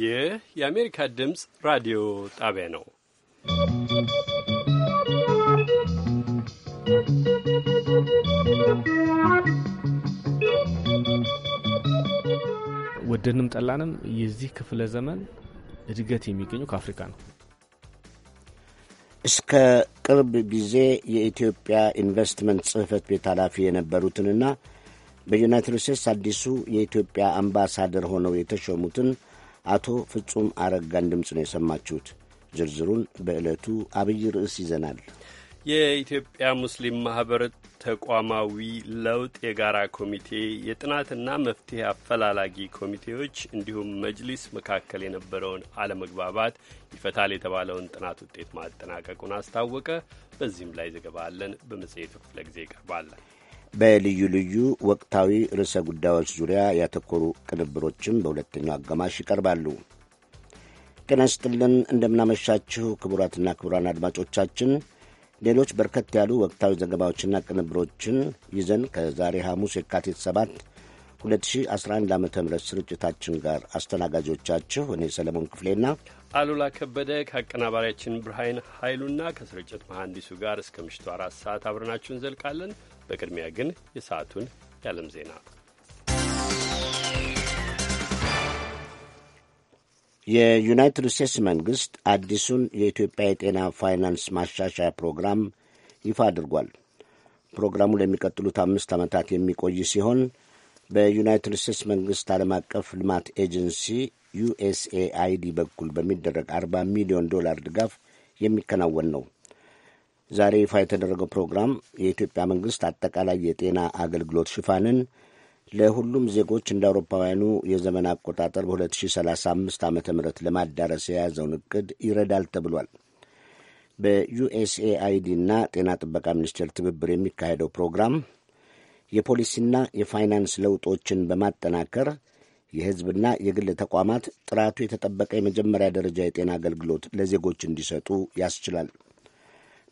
ይህ የአሜሪካ ድምፅ ራዲዮ ጣቢያ ነው። ወደንም ጠላንም የዚህ ክፍለ ዘመን እድገት የሚገኘው ከአፍሪካ ነው። እስከ ቅርብ ጊዜ የኢትዮጵያ ኢንቨስትመንት ጽህፈት ቤት ኃላፊ የነበሩትንና በዩናይትድ ስቴትስ አዲሱ የኢትዮጵያ አምባሳደር ሆነው የተሾሙትን አቶ ፍጹም አረጋን ድምፅ ነው የሰማችሁት። ዝርዝሩን በዕለቱ አብይ ርዕስ ይዘናል። የኢትዮጵያ ሙስሊም ማህበር ተቋማዊ ለውጥ የጋራ ኮሚቴ የጥናትና መፍትሄ አፈላላጊ ኮሚቴዎች እንዲሁም መጅሊስ መካከል የነበረውን አለመግባባት ይፈታል የተባለውን ጥናት ውጤት ማጠናቀቁን አስታወቀ። በዚህም ላይ ዘገባ አለን፣ በመጽሔቱ ክፍለ ጊዜ ይቀርባለን። በልዩ ልዩ ወቅታዊ ርዕሰ ጉዳዮች ዙሪያ ያተኮሩ ቅንብሮችም በሁለተኛው አጋማሽ ይቀርባሉ። ጤና ይስጥልን፣ እንደምናመሻችሁ ክቡራትና ክቡራን አድማጮቻችን ሌሎች በርከት ያሉ ወቅታዊ ዘገባዎችና ቅንብሮችን ይዘን ከዛሬ ሐሙስ የካቲት 7 2011 ዓ ም ስርጭታችን ጋር አስተናጋጆቻችሁ እኔ ሰለሞን ክፍሌና አሉላ ከበደ ከአቀናባሪያችን ብርሃን ኃይሉና ከስርጭት መሐንዲሱ ጋር እስከ ምሽቱ አራት ሰዓት አብረናችሁ እንዘልቃለን። በቅድሚያ ግን የሰዓቱን የዓለም ዜና የዩናይትድ ስቴትስ መንግሥት አዲሱን የኢትዮጵያ የጤና ፋይናንስ ማሻሻያ ፕሮግራም ይፋ አድርጓል። ፕሮግራሙ ለሚቀጥሉት አምስት ዓመታት የሚቆይ ሲሆን በዩናይትድ ስቴትስ መንግሥት ዓለም አቀፍ ልማት ኤጀንሲ ዩኤስኤአይዲ በኩል በሚደረግ 40 ሚሊዮን ዶላር ድጋፍ የሚከናወን ነው። ዛሬ ይፋ የተደረገው ፕሮግራም የኢትዮጵያ መንግሥት አጠቃላይ የጤና አገልግሎት ሽፋንን ለሁሉም ዜጎች እንደ አውሮፓውያኑ የዘመን አቆጣጠር በ2035 ዓ ም ለማዳረስ የያዘውን እቅድ ይረዳል ተብሏል። በዩኤስኤአይዲ እና ጤና ጥበቃ ሚኒስቴር ትብብር የሚካሄደው ፕሮግራም የፖሊሲና የፋይናንስ ለውጦችን በማጠናከር የሕዝብና የግል ተቋማት ጥራቱ የተጠበቀ የመጀመሪያ ደረጃ የጤና አገልግሎት ለዜጎች እንዲሰጡ ያስችላል።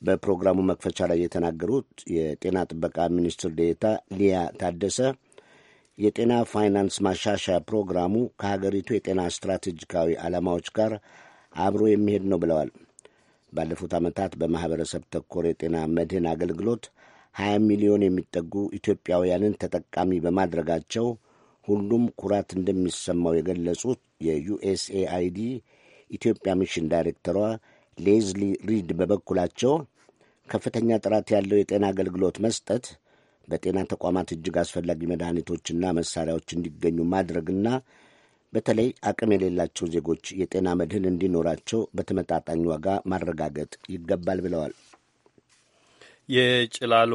በፕሮግራሙ መክፈቻ ላይ የተናገሩት የጤና ጥበቃ ሚኒስትር ዴኤታ ሊያ ታደሰ የጤና ፋይናንስ ማሻሻያ ፕሮግራሙ ከሀገሪቱ የጤና ስትራቴጂካዊ ዓላማዎች ጋር አብሮ የሚሄድ ነው ብለዋል። ባለፉት ዓመታት በማኅበረሰብ ተኮር የጤና መድህን አገልግሎት 20 ሚሊዮን የሚጠጉ ኢትዮጵያውያንን ተጠቃሚ በማድረጋቸው ሁሉም ኩራት እንደሚሰማው የገለጹት የዩኤስኤአይዲ ኢትዮጵያ ሚሽን ዳይሬክተሯ ሌዝሊ ሪድ በበኩላቸው ከፍተኛ ጥራት ያለው የጤና አገልግሎት መስጠት በጤና ተቋማት እጅግ አስፈላጊ መድኃኒቶችና መሳሪያዎች እንዲገኙ ማድረግና በተለይ አቅም የሌላቸው ዜጎች የጤና መድህን እንዲኖራቸው በተመጣጣኝ ዋጋ ማረጋገጥ ይገባል ብለዋል። የጭላሎ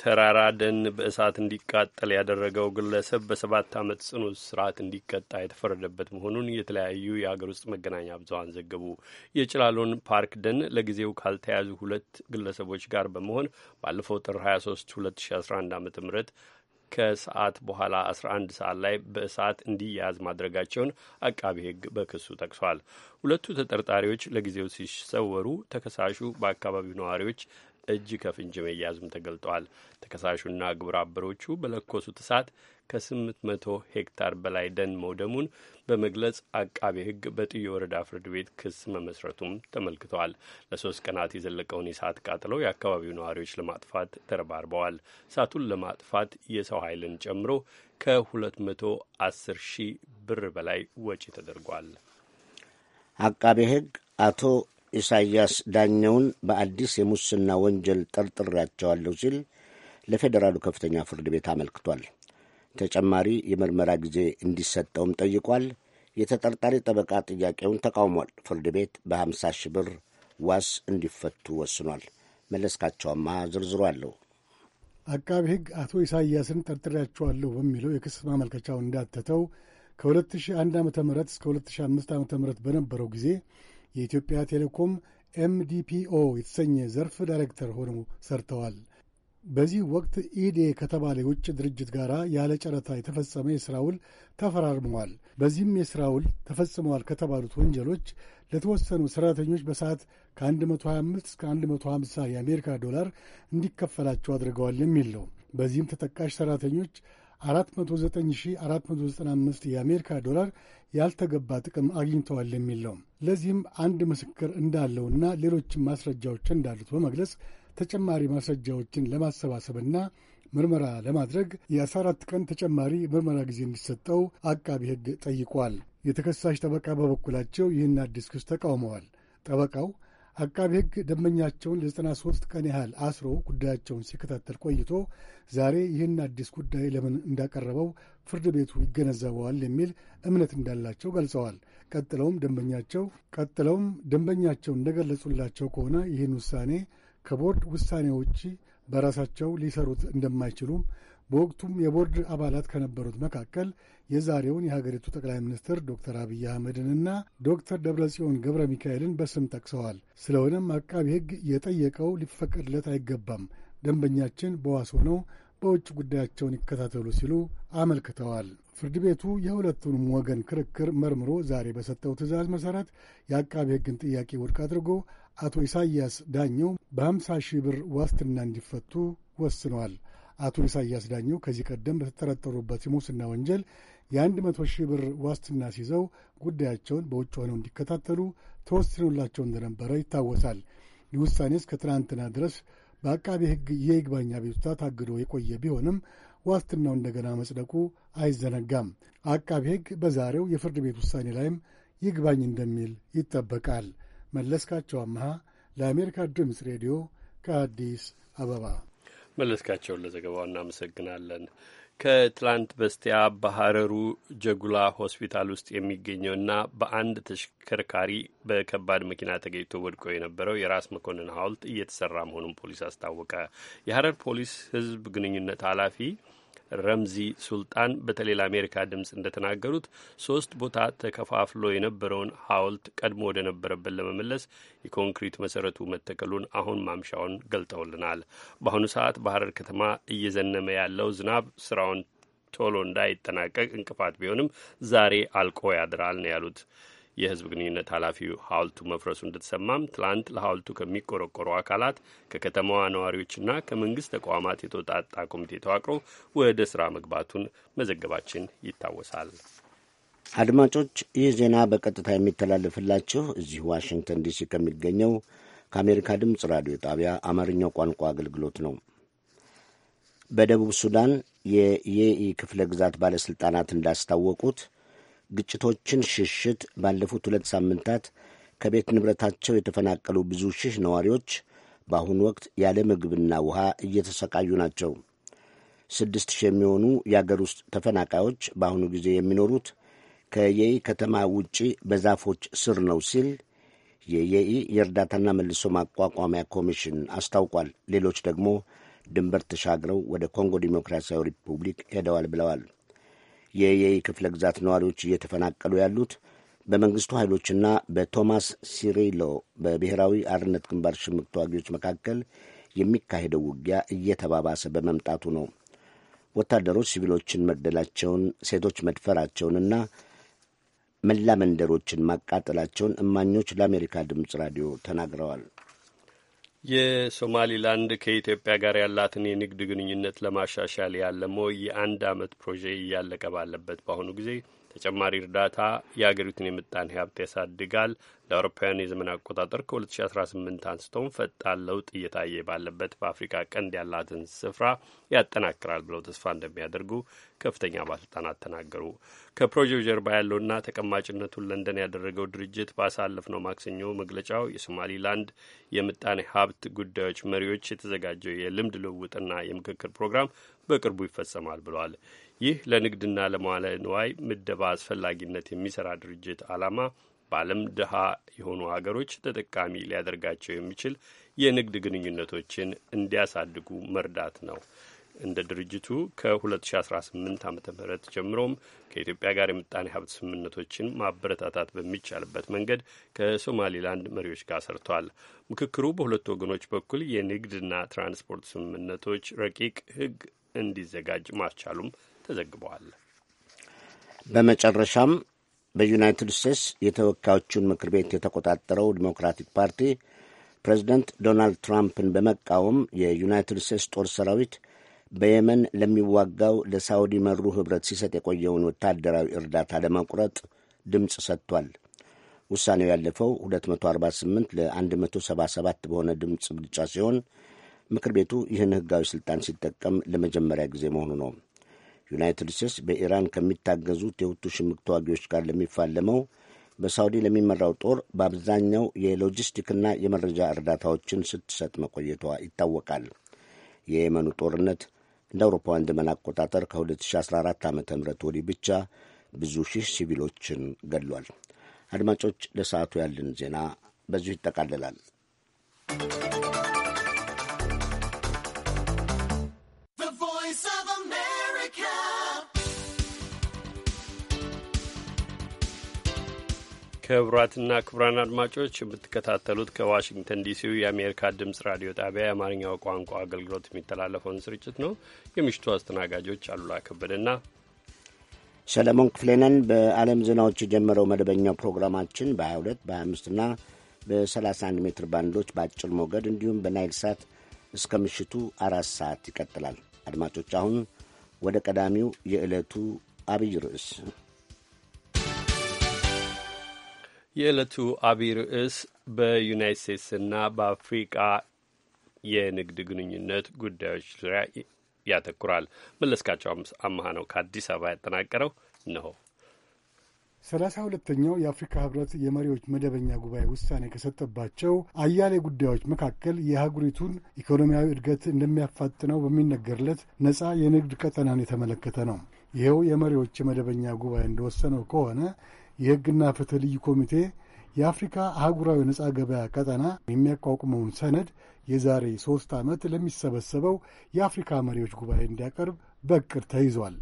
ተራራ ደን በእሳት እንዲቃጠል ያደረገው ግለሰብ በሰባት ዓመት ጽኑ እስራት እንዲቀጣ የተፈረደበት መሆኑን የተለያዩ የአገር ውስጥ መገናኛ ብዙኃን ዘገቡ። የጭላሎን ፓርክ ደን ለጊዜው ካልተያዙ ሁለት ግለሰቦች ጋር በመሆን ባለፈው ጥር 23 2011 ዓ ም ከሰዓት በኋላ 11 ሰዓት ላይ በእሳት እንዲያያዝ ማድረጋቸውን አቃቢ ሕግ በክሱ ጠቅሷል። ሁለቱ ተጠርጣሪዎች ለጊዜው ሲሰወሩ ተከሳሹ በአካባቢው ነዋሪዎች እጅ ከፍንጅ መያዙም ተገልጧል። ተከሳሹና ግብረ አበሮቹ በለኮሱት እሳት ከ800 ሄክታር በላይ ደን መውደሙን በመግለጽ አቃቤ ሕግ በጥዮ ወረዳ ፍርድ ቤት ክስ መመስረቱም ተመልክተዋል። ለሶስት ቀናት የዘለቀውን የእሳት ቃጥለው የአካባቢው ነዋሪዎች ለማጥፋት ተረባርበዋል። እሳቱን ለማጥፋት የሰው ኃይልን ጨምሮ ከ210 ሺህ ብር በላይ ወጪ ተደርጓል። አቃቤ ሕግ አቶ ኢሳያስ ዳኘውን በአዲስ የሙስና ወንጀል ጠርጥሬያቸዋለሁ ሲል ለፌዴራሉ ከፍተኛ ፍርድ ቤት አመልክቷል። ተጨማሪ የምርመራ ጊዜ እንዲሰጠውም ጠይቋል። የተጠርጣሪ ጠበቃ ጥያቄውን ተቃውሟል። ፍርድ ቤት በ50 ሺህ ብር ዋስ እንዲፈቱ ወስኗል። መለስካቸውማ ዝርዝሩ አለው። አቃቢ ሕግ አቶ ኢሳያስን ጠርጥሬያቸዋለሁ በሚለው የክስ ማመልከቻው እንዳተተው ከ2001 ዓ ም እስከ 2005 ዓ ም በነበረው ጊዜ የኢትዮጵያ ቴሌኮም ኤምዲፒኦ የተሰኘ ዘርፍ ዳይሬክተር ሆነው ሰርተዋል። በዚህ ወቅት ኢዴ ከተባለ የውጭ ድርጅት ጋር ያለ ጨረታ የተፈጸመ የሥራ ውል ተፈራርመዋል። በዚህም የሥራ ውል ተፈጽመዋል ከተባሉት ወንጀሎች ለተወሰኑ ሠራተኞች በሰዓት ከ125 እስከ 150 የአሜሪካ ዶላር እንዲከፈላቸው አድርገዋል የሚል ነው። በዚህም ተጠቃሽ ሠራተኞች 49495 የአሜሪካ ዶላር ያልተገባ ጥቅም አግኝተዋል የሚል ነው። ለዚህም አንድ ምስክር እንዳለውና ሌሎችም ማስረጃዎች እንዳሉት በመግለጽ ተጨማሪ ማስረጃዎችን ለማሰባሰብና ምርመራ ለማድረግ የ14 ቀን ተጨማሪ ምርመራ ጊዜ እንዲሰጠው አቃቢ ሕግ ጠይቋል። የተከሳሽ ጠበቃ በበኩላቸው ይህን አዲስ ክስ ተቃውመዋል። ጠበቃው አቃቢ ሕግ ደንበኛቸውን ለ93 ቀን ያህል አስሮ ጉዳያቸውን ሲከታተል ቆይቶ ዛሬ ይህን አዲስ ጉዳይ ለምን እንዳቀረበው ፍርድ ቤቱ ይገነዘበዋል የሚል እምነት እንዳላቸው ገልጸዋል። ቀጥለውም ደንበኛቸው ቀጥለውም ደንበኛቸው እንደገለጹላቸው ከሆነ ይህን ውሳኔ ከቦርድ ውሳኔ ውጪ በራሳቸው ሊሰሩት እንደማይችሉም በወቅቱም የቦርድ አባላት ከነበሩት መካከል የዛሬውን የሀገሪቱ ጠቅላይ ሚኒስትር ዶክተር አብይ አህመድንና ዶክተር ደብረጽዮን ገብረ ሚካኤልን በስም ጠቅሰዋል። ስለሆነም አቃቢ ሕግ የጠየቀው ሊፈቀድለት አይገባም፣ ደንበኛችን በዋስ ሆነው በውጭ ጉዳያቸውን ይከታተሉ ሲሉ አመልክተዋል። ፍርድ ቤቱ የሁለቱንም ወገን ክርክር መርምሮ ዛሬ በሰጠው ትዕዛዝ መሠረት የአቃቢ ሕግን ጥያቄ ውድቅ አድርጎ አቶ ኢሳይያስ ዳኘው በ50 ሺህ ብር ዋስትና እንዲፈቱ ወስነዋል። አቶ ኢሳያስ ዳኘው ከዚህ ቀደም በተጠረጠሩበት የሙስና ወንጀል የአንድ መቶ ሺህ ብር ዋስትና ሲይዘው ጉዳያቸውን በውጭ ሆነው እንዲከታተሉ ተወስኖላቸው እንደነበረ ይታወሳል። ይህ ውሳኔ እስከ ትናንትና ድረስ በአቃቤ ሕግ የይግባኝ አቤቱታ ታግዶ የቆየ ቢሆንም ዋስትናው እንደገና መጽደቁ አይዘነጋም። አቃቤ ሕግ በዛሬው የፍርድ ቤት ውሳኔ ላይም ይግባኝ እንደሚል ይጠበቃል። መለስካቸው አመሃ ለአሜሪካ ድምፅ ሬዲዮ ከአዲስ አበባ መለስካቸውን ለዘገባው እናመሰግናለን። ከትላንት በስቲያ በሀረሩ ጀጉላ ሆስፒታል ውስጥ የሚገኘውና በአንድ ተሽከርካሪ በከባድ መኪና ተገኝቶ ወድቆ የነበረው የራስ መኮንን ሐውልት እየተሰራ መሆኑን ፖሊስ አስታወቀ። የሀረር ፖሊስ ሕዝብ ግንኙነት ኃላፊ ረምዚ ሱልጣን በተለይ ለአሜሪካ ድምፅ እንደተናገሩት ሶስት ቦታ ተከፋፍሎ የነበረውን ሐውልት ቀድሞ ወደ ነበረበት ለመመለስ የኮንክሪት መሰረቱ መተከሉን አሁን ማምሻውን ገልጠውልናል። በአሁኑ ሰዓት በሐረር ከተማ እየዘነመ ያለው ዝናብ ስራውን ቶሎ እንዳይጠናቀቅ እንቅፋት ቢሆንም ዛሬ አልቆ ያድራል ነው ያሉት። የህዝብ ግንኙነት ኃላፊው ሐውልቱ መፍረሱ እንደተሰማም ትላንት ለሐውልቱ ከሚቆረቆሩ አካላት ከከተማዋ ነዋሪዎችና ከመንግስት ተቋማት የተውጣጣ ኮሚቴ ተዋቅሮ ወደ ስራ መግባቱን መዘገባችን ይታወሳል። አድማጮች ይህ ዜና በቀጥታ የሚተላለፍላችሁ እዚህ ዋሽንግተን ዲሲ ከሚገኘው ከአሜሪካ ድምፅ ራዲዮ ጣቢያ አማርኛው ቋንቋ አገልግሎት ነው። በደቡብ ሱዳን የየኢ ክፍለ ግዛት ባለሥልጣናት እንዳስታወቁት ግጭቶችን ሽሽት ባለፉት ሁለት ሳምንታት ከቤት ንብረታቸው የተፈናቀሉ ብዙ ሺህ ነዋሪዎች በአሁኑ ወቅት ያለ ምግብና ውሃ እየተሰቃዩ ናቸው። ስድስት ሺህ የሚሆኑ የአገር ውስጥ ተፈናቃዮች በአሁኑ ጊዜ የሚኖሩት ከየኢ ከተማ ውጪ በዛፎች ስር ነው ሲል የየኢ የእርዳታና መልሶ ማቋቋሚያ ኮሚሽን አስታውቋል። ሌሎች ደግሞ ድንበር ተሻግረው ወደ ኮንጎ ዲሞክራሲያዊ ሪፑብሊክ ሄደዋል ብለዋል። የየይ ክፍለ ግዛት ነዋሪዎች እየተፈናቀሉ ያሉት በመንግስቱ ኃይሎችና በቶማስ ሲሪሎ በብሔራዊ አርነት ግንባር ሽምቅ ተዋጊዎች መካከል የሚካሄደው ውጊያ እየተባባሰ በመምጣቱ ነው። ወታደሮች ሲቪሎችን መግደላቸውን፣ ሴቶች መድፈራቸውንና መላ መንደሮችን ማቃጠላቸውን እማኞች ለአሜሪካ ድምፅ ራዲዮ ተናግረዋል። የሶማሊላንድ ከኢትዮጵያ ጋር ያላትን የንግድ ግንኙነት ለማሻሻል ያለመ የአንድ ዓመት ፕሮጀክት እያለቀ ባለበት በአሁኑ ጊዜ ተጨማሪ እርዳታ የአገሪቱን የምጣኔ ሀብት ያሳድጋል። ለአውሮፓውያን የዘመን አቆጣጠር ከ2018 አንስቶም ፈጣን ለውጥ እየታየ ባለበት በአፍሪካ ቀንድ ያላትን ስፍራ ያጠናክራል ብለው ተስፋ እንደሚያደርጉ ከፍተኛ ባለስልጣናት ተናገሩ። ከፕሮጀክቱ ጀርባ ያለውና ተቀማጭነቱን ለንደን ያደረገው ድርጅት ባሳለፍነው ማክሰኞ መግለጫው የሶማሊላንድ የምጣኔ ሀብት ጉዳዮች መሪዎች የተዘጋጀው የልምድ ልውውጥና የምክክር ፕሮግራም በቅርቡ ይፈጸማል ብለዋል። ይህ ለንግድና ለመዋለ ንዋይ ምደባ አስፈላጊነት የሚሰራ ድርጅት ዓላማ በዓለም ድሀ የሆኑ ሀገሮች ተጠቃሚ ሊያደርጋቸው የሚችል የንግድ ግንኙነቶችን እንዲያሳድጉ መርዳት ነው። እንደ ድርጅቱ ከ2018 ዓ ም ጀምሮም ከኢትዮጵያ ጋር የምጣኔ ሀብት ስምምነቶችን ማበረታታት በሚቻልበት መንገድ ከሶማሊላንድ መሪዎች ጋር ሰርቷል። ምክክሩ በሁለቱ ወገኖች በኩል የንግድና ትራንስፖርት ስምምነቶች ረቂቅ ሕግ እንዲዘጋጅ ማስቻሉም ተዘግበዋል። በመጨረሻም በዩናይትድ ስቴትስ የተወካዮቹን ምክር ቤት የተቆጣጠረው ዲሞክራቲክ ፓርቲ ፕሬዚደንት ዶናልድ ትራምፕን በመቃወም የዩናይትድ ስቴትስ ጦር ሰራዊት በየመን ለሚዋጋው ለሳውዲ መሩ ኅብረት ሲሰጥ የቆየውን ወታደራዊ እርዳታ ለመቁረጥ ድምፅ ሰጥቷል። ውሳኔው ያለፈው 248 ለ177 በሆነ ድምፅ ብልጫ ሲሆን ምክር ቤቱ ይህን ሕጋዊ ሥልጣን ሲጠቀም ለመጀመሪያ ጊዜ መሆኑ ነው። ዩናይትድ ስቴትስ በኢራን ከሚታገዙት የሁቱ ሽምቅ ተዋጊዎች ጋር ለሚፋለመው በሳውዲ ለሚመራው ጦር በአብዛኛው የሎጂስቲክና የመረጃ እርዳታዎችን ስትሰጥ መቆየቷ ይታወቃል። የየመኑ ጦርነት እንደ አውሮፓውያን ዘመን አቆጣጠር ከ2014 ዓ ም ወዲህ ብቻ ብዙ ሺህ ሲቪሎችን ገድሏል። አድማጮች፣ ለሰዓቱ ያለን ዜና በዚሁ ይጠቃልላል። ክቡራትና ክቡራን አድማጮች የምትከታተሉት ከዋሽንግተን ዲሲው የአሜሪካ ድምፅ ራዲዮ ጣቢያ የአማርኛው ቋንቋ አገልግሎት የሚተላለፈውን ስርጭት ነው። የምሽቱ አስተናጋጆች አሉላ ከበደና ሰለሞን ክፍሌነን። በዓለም ዜናዎች የጀመረው መደበኛው ፕሮግራማችን በ22 በ25ና በ31 ሜትር ባንዶች በአጭር ሞገድ እንዲሁም በናይል ሳት እስከ ምሽቱ አራት ሰዓት ይቀጥላል። አድማጮች አሁን ወደ ቀዳሚው የዕለቱ አብይ ርዕስ የዕለቱ አብይ ርዕስ በዩናይት ስቴትስና በአፍሪቃ የንግድ ግንኙነት ጉዳዮች ዙሪያ ያተኩራል። መለስካቸው አመሃ ነው ከአዲስ አበባ ያጠናቀረው ነው። ሰላሳ ሁለተኛው የአፍሪካ ህብረት የመሪዎች መደበኛ ጉባኤ ውሳኔ ከሰጠባቸው አያሌ ጉዳዮች መካከል የአህጉሪቱን ኢኮኖሚያዊ እድገት እንደሚያፋጥነው በሚነገርለት ነጻ የንግድ ቀጠናን የተመለከተ ነው። ይኸው የመሪዎች መደበኛ ጉባኤ እንደወሰነው ከሆነ የሕግና ፍትሕ ልዩ ኮሚቴ የአፍሪካ አህጉራዊ ነጻ ገበያ ቀጠና የሚያቋቁመውን ሰነድ የዛሬ ሦስት ዓመት ለሚሰበሰበው የአፍሪካ መሪዎች ጉባኤ እንዲያቀርብ በቅር ተይዟል።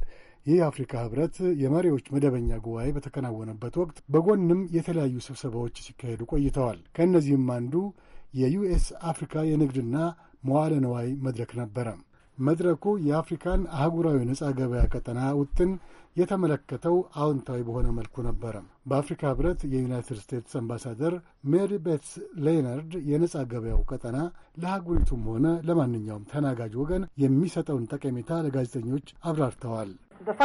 ይህ የአፍሪካ ህብረት የመሪዎች መደበኛ ጉባኤ በተከናወነበት ወቅት በጎንም የተለያዩ ስብሰባዎች ሲካሄዱ ቆይተዋል። ከእነዚህም አንዱ የዩኤስ አፍሪካ የንግድና መዋለ ነዋይ መድረክ ነበረ። መድረኩ የአፍሪካን አህጉራዊ ነጻ ገበያ ቀጠና ውጥን የተመለከተው አዎንታዊ በሆነ መልኩ ነበረ። በአፍሪካ ህብረት የዩናይትድ ስቴትስ አምባሳደር ሜሪ ቤትስ ሌነርድ የነጻ ገበያው ቀጠና ለአህጉሪቱም ሆነ ለማንኛውም ተናጋጅ ወገን የሚሰጠውን ጠቀሜታ ለጋዜጠኞች አብራርተዋል። uh,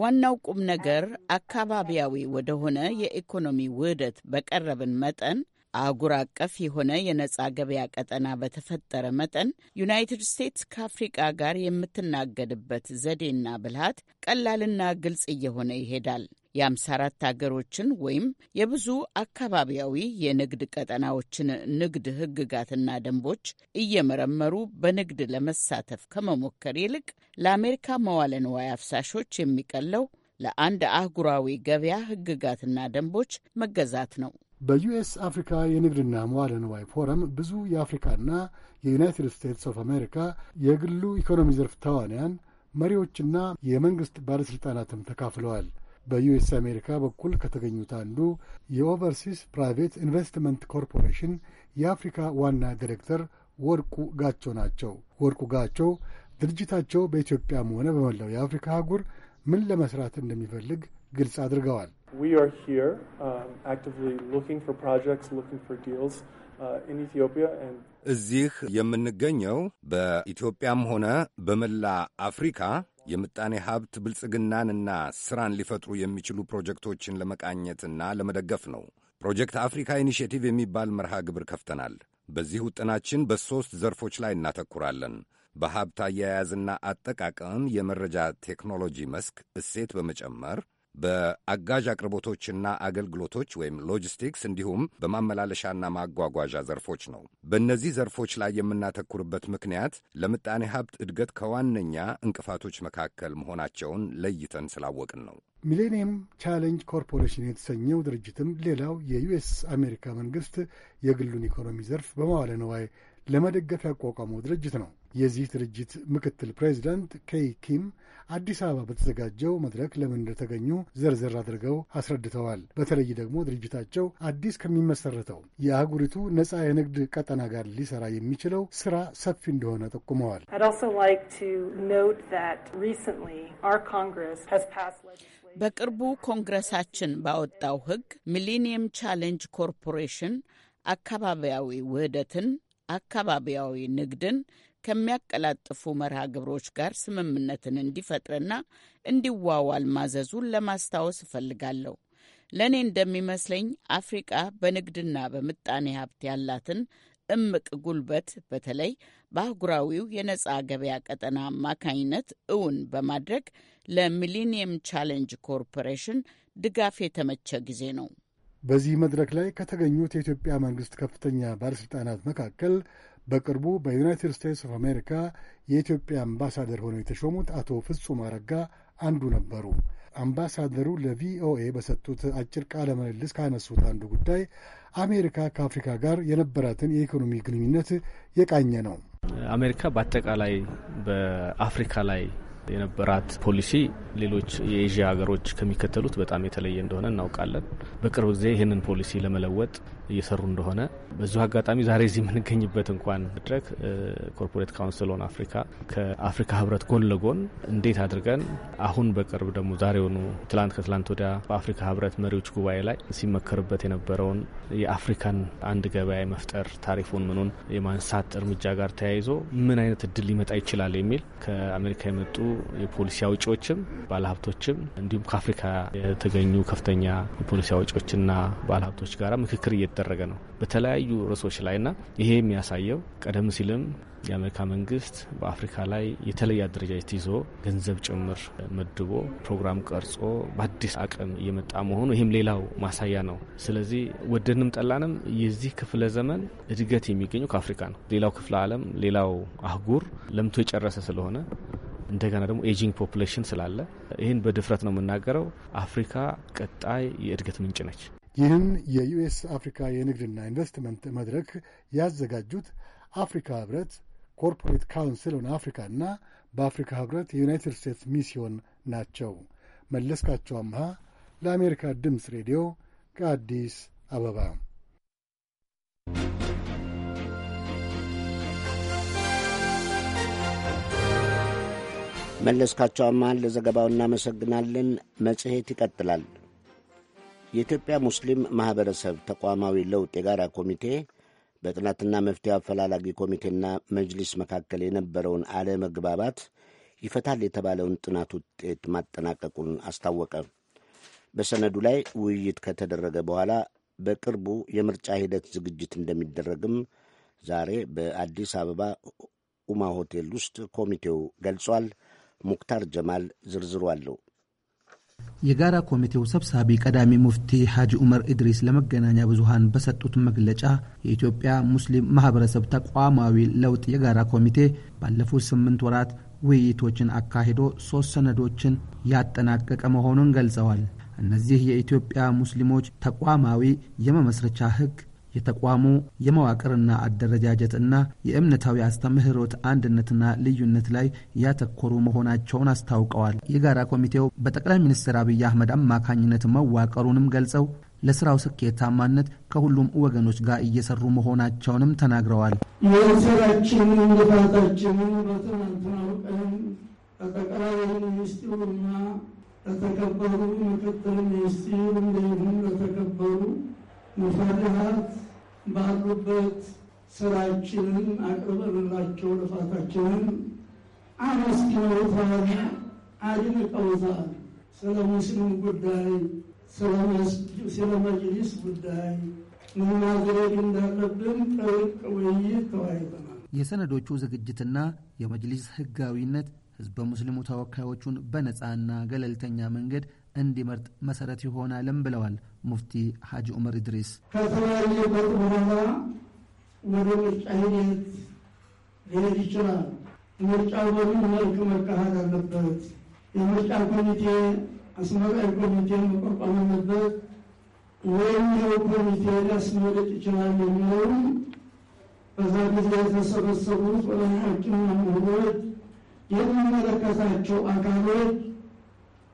ዋናው ቁም ነገር አካባቢያዊ ወደሆነ የኢኮኖሚ ውህደት በቀረብን መጠን አህጉር አቀፍ የሆነ የነጻ ገበያ ቀጠና በተፈጠረ መጠን ዩናይትድ ስቴትስ ከአፍሪቃ ጋር የምትናገድበት ዘዴና ብልሃት ቀላልና ግልጽ እየሆነ ይሄዳል። የአምሳ አራት አገሮችን ወይም የብዙ አካባቢያዊ የንግድ ቀጠናዎችን ንግድ ህግጋትና ደንቦች እየመረመሩ በንግድ ለመሳተፍ ከመሞከር ይልቅ ለአሜሪካ መዋለ ንዋይ አፍሳሾች የሚቀለው ለአንድ አህጉራዊ ገበያ ህግጋትና ደንቦች መገዛት ነው። በዩኤስ አፍሪካ የንግድና መዋለ ንዋይ ፎረም ብዙ የአፍሪካና የዩናይትድ ስቴትስ ኦፍ አሜሪካ የግሉ ኢኮኖሚ ዘርፍ ተዋንያን መሪዎችና የመንግሥት ባለሥልጣናትም ተካፍለዋል። በዩኤስ አሜሪካ በኩል ከተገኙት አንዱ የኦቨርሲስ ፕራይቬት ኢንቨስትመንት ኮርፖሬሽን የአፍሪካ ዋና ዲሬክተር ወርቁ ጋቸው ናቸው። ወርቁ ጋቸው ድርጅታቸው በኢትዮጵያም ሆነ በመላው የአፍሪካ አህጉር ምን ለመስራት እንደሚፈልግ ግልጽ አድርገዋል። We are here um, actively looking for projects, looking for deals uh, in Ethiopia and እዚህ የምንገኘው በኢትዮጵያም ሆነ በመላ አፍሪካ የምጣኔ ሀብት ብልጽግናንና ስራን ሊፈጥሩ የሚችሉ ፕሮጀክቶችን ለመቃኘትና ለመደገፍ ነው። ፕሮጀክት አፍሪካ ኢኒሽቲቭ የሚባል መርሃ ግብር ከፍተናል። በዚህ ውጥናችን በሦስት ዘርፎች ላይ እናተኩራለን። በሀብት አያያዝና አጠቃቀም፣ የመረጃ ቴክኖሎጂ መስክ እሴት በመጨመር በአጋዥ አቅርቦቶችና አገልግሎቶች ወይም ሎጂስቲክስ እንዲሁም በማመላለሻና ማጓጓዣ ዘርፎች ነው። በእነዚህ ዘርፎች ላይ የምናተኩርበት ምክንያት ለምጣኔ ሀብት እድገት ከዋነኛ እንቅፋቶች መካከል መሆናቸውን ለይተን ስላወቅን ነው። ሚሌኒየም ቻሌንጅ ኮርፖሬሽን የተሰኘው ድርጅትም ሌላው የዩኤስ አሜሪካ መንግስት የግሉን ኢኮኖሚ ዘርፍ በመዋለ ነዋይ ለመደገፍ ያቋቋመው ድርጅት ነው። የዚህ ድርጅት ምክትል ፕሬዚዳንት ኬይ ኪም አዲስ አበባ በተዘጋጀው መድረክ ለምን እንደተገኙ ዘርዘር አድርገው አስረድተዋል። በተለይ ደግሞ ድርጅታቸው አዲስ ከሚመሰረተው የአህጉሪቱ ነፃ የንግድ ቀጠና ጋር ሊሰራ የሚችለው ስራ ሰፊ እንደሆነ ጠቁመዋል። በቅርቡ ኮንግረሳችን ባወጣው ሕግ ሚሊኒየም ቻሌንጅ ኮርፖሬሽን አካባቢያዊ ውህደትን፣ አካባቢያዊ ንግድን ከሚያቀላጥፉ መርሃ ግብሮች ጋር ስምምነትን እንዲፈጥርና እንዲዋዋል ማዘዙን ለማስታወስ እፈልጋለሁ። ለእኔ እንደሚመስለኝ አፍሪቃ በንግድና በምጣኔ ሀብት ያላትን እምቅ ጉልበት በተለይ በአህጉራዊው የነጻ ገበያ ቀጠና አማካኝነት እውን በማድረግ ለሚሊኒየም ቻሌንጅ ኮርፖሬሽን ድጋፍ የተመቸ ጊዜ ነው። በዚህ መድረክ ላይ ከተገኙት የኢትዮጵያ መንግስት ከፍተኛ ባለሥልጣናት መካከል በቅርቡ በዩናይትድ ስቴትስ ኦፍ አሜሪካ የኢትዮጵያ አምባሳደር ሆነው የተሾሙት አቶ ፍጹም አረጋ አንዱ ነበሩ። አምባሳደሩ ለቪኦኤ በሰጡት አጭር ቃለ ምልልስ ካነሱት አንዱ ጉዳይ አሜሪካ ከአፍሪካ ጋር የነበራትን የኢኮኖሚ ግንኙነት የቃኘ ነው። አሜሪካ በአጠቃላይ በአፍሪካ ላይ የነበራት ፖሊሲ ሌሎች የኤዥያ ሀገሮች ከሚከተሉት በጣም የተለየ እንደሆነ እናውቃለን። በቅርብ ጊዜ ይህንን ፖሊሲ ለመለወጥ እየሰሩ እንደሆነ በዚሁ አጋጣሚ ዛሬ እዚህ የምንገኝበት እንኳን መድረክ ኮርፖሬት ካውንስል ኦን አፍሪካ ከአፍሪካ ህብረት ጎን ለጎን እንዴት አድርገን አሁን በቅርብ ደግሞ ዛሬውኑ ትላንት ከትላንት ወዲያ በአፍሪካ ህብረት መሪዎች ጉባኤ ላይ ሲመከርበት የነበረውን የአፍሪካን አንድ ገበያ መፍጠር ታሪፉን ምኑን የማንሳት እርምጃ ጋር ተያይዞ ምን አይነት እድል ሊመጣ ይችላል የሚል ከአሜሪካ የመጡ የፖሊሲ አውጪዎችም ባለሀብቶችም እንዲሁም ከአፍሪካ የተገኙ ከፍተኛ የፖሊሲ አውጪዎችና ባለሀብቶች ጋር ምክክር እየተ እየተደረገ ነው በተለያዩ ርዕሶች ላይና ይሄ የሚያሳየው ቀደም ሲልም የአሜሪካ መንግስት በአፍሪካ ላይ የተለየ አደረጃጀት ይዞ ገንዘብ ጭምር መድቦ ፕሮግራም ቀርጾ በአዲስ አቅም እየመጣ መሆኑ ይህም ሌላው ማሳያ ነው። ስለዚህ ወደንም ጠላንም የዚህ ክፍለ ዘመን እድገት የሚገኘው ከአፍሪካ ነው። ሌላው ክፍለ ዓለም ሌላው አህጉር ለምቶ የጨረሰ ስለሆነ እንደገና ደግሞ ኤጂንግ ፖፕሌሽን ስላለ ይህን በድፍረት ነው የምናገረው። አፍሪካ ቀጣይ የእድገት ምንጭ ነች። ይህን የዩኤስ አፍሪካ የንግድና ኢንቨስትመንት መድረክ ያዘጋጁት አፍሪካ ህብረት፣ ኮርፖሬት ካውንስል ኦን አፍሪካና በአፍሪካ ህብረት የዩናይትድ ስቴትስ ሚስዮን ናቸው። መለስካቸው አምሃ ለአሜሪካ ድምፅ ሬዲዮ ከአዲስ አበባ መለስካቸው አማን ለዘገባው እናመሰግናለን። መጽሔት ይቀጥላል። የኢትዮጵያ ሙስሊም ማኅበረሰብ ተቋማዊ ለውጥ የጋራ ኮሚቴ በጥናትና መፍትሄ አፈላላጊ ኮሚቴና መጅሊስ መካከል የነበረውን አለመግባባት ይፈታል የተባለውን ጥናት ውጤት ማጠናቀቁን አስታወቀ። በሰነዱ ላይ ውይይት ከተደረገ በኋላ በቅርቡ የምርጫ ሂደት ዝግጅት እንደሚደረግም ዛሬ በአዲስ አበባ ኡማ ሆቴል ውስጥ ኮሚቴው ገልጿል። ሙክታር ጀማል ዝርዝሩ አለው። የጋራ ኮሚቴው ሰብሳቢ ቀዳሚ ሙፍቲ ሐጂ ዑመር ኢድሪስ ለመገናኛ ብዙሃን በሰጡት መግለጫ የኢትዮጵያ ሙስሊም ማህበረሰብ ተቋማዊ ለውጥ የጋራ ኮሚቴ ባለፉት ስምንት ወራት ውይይቶችን አካሂዶ ሦስት ሰነዶችን ያጠናቀቀ መሆኑን ገልጸዋል። እነዚህ የኢትዮጵያ ሙስሊሞች ተቋማዊ የመመስረቻ ህግ የተቋሙ የመዋቅርና አደረጃጀት እና የእምነታዊ አስተምህሮት አንድነትና ልዩነት ላይ ያተኮሩ መሆናቸውን አስታውቀዋል። የጋራ ኮሚቴው በጠቅላይ ሚኒስትር አብይ አህመድ አማካኝነት መዋቀሩንም ገልጸው ለስራው ስኬታማነት ከሁሉም ወገኖች ጋር እየሰሩ መሆናቸውንም ተናግረዋል። የስራችንን እንቅፋታችንን በትናንትናው ቀን ለጠቅላይ ሚኒስትሩና ለተከበሩ ምክትል ሚኒስትር እንዲሁም ለተከበሩ መፈልሀት ባሉበት ስራችንን አቅርበንላቸው ልፋታችንን አመስግኖታል፣ አድንቀውታል። ስለ ሙስሊም ጉዳይ፣ ስለ መጅሊስ ጉዳይ መናገር እንዳለብን ጥልቅ ውይይት ተወያይተናል። የሰነዶቹ ዝግጅትና የመጅሊስ ህጋዊነት ህዝበ ሙስሊሙ ተወካዮቹን በነፃና ገለልተኛ መንገድ እንዲመርጥ መሰረት ይሆናልም ብለዋል። ሙፍቲ ሀጂ ዑመር ኢድሪስ ከተለያየበት በኋላ ወደ ምርጫ ሂደት ሊሄድ ይችላል። ምርጫው በምን መልክ መካሄድ አለበት? የምርጫ ኮሚቴ አስመራጭ ኮሚቴ መቋቋም አለበት ወይም ይኸው ኮሚቴ ሊያስመርጥ ይችላል የሚለውም በዛ ጊዜ የተሰበሰቡት ወላዎችና ምሁሮች የሚመለከታቸው አካሎች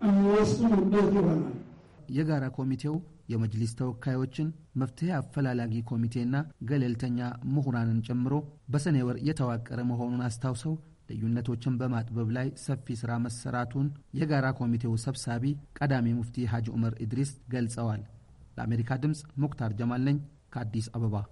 የሚወስኑበት ይሆናል። የጋራ ኮሚቴው የመጅሊስ ተወካዮችን መፍትሄ አፈላላጊ ኮሚቴና ገለልተኛ ምሁራንን ጨምሮ በሰኔ ወር የተዋቀረ መሆኑን አስታውሰው ልዩነቶችን በማጥበብ ላይ ሰፊ ሥራ መሰራቱን የጋራ ኮሚቴው ሰብሳቢ ቀዳሚ ሙፍቲ ሐጂ ዑመር ኢድሪስ ገልጸዋል። ለአሜሪካ ድምፅ ሙክታር ጀማል ነኝ ከአዲስ አበባ።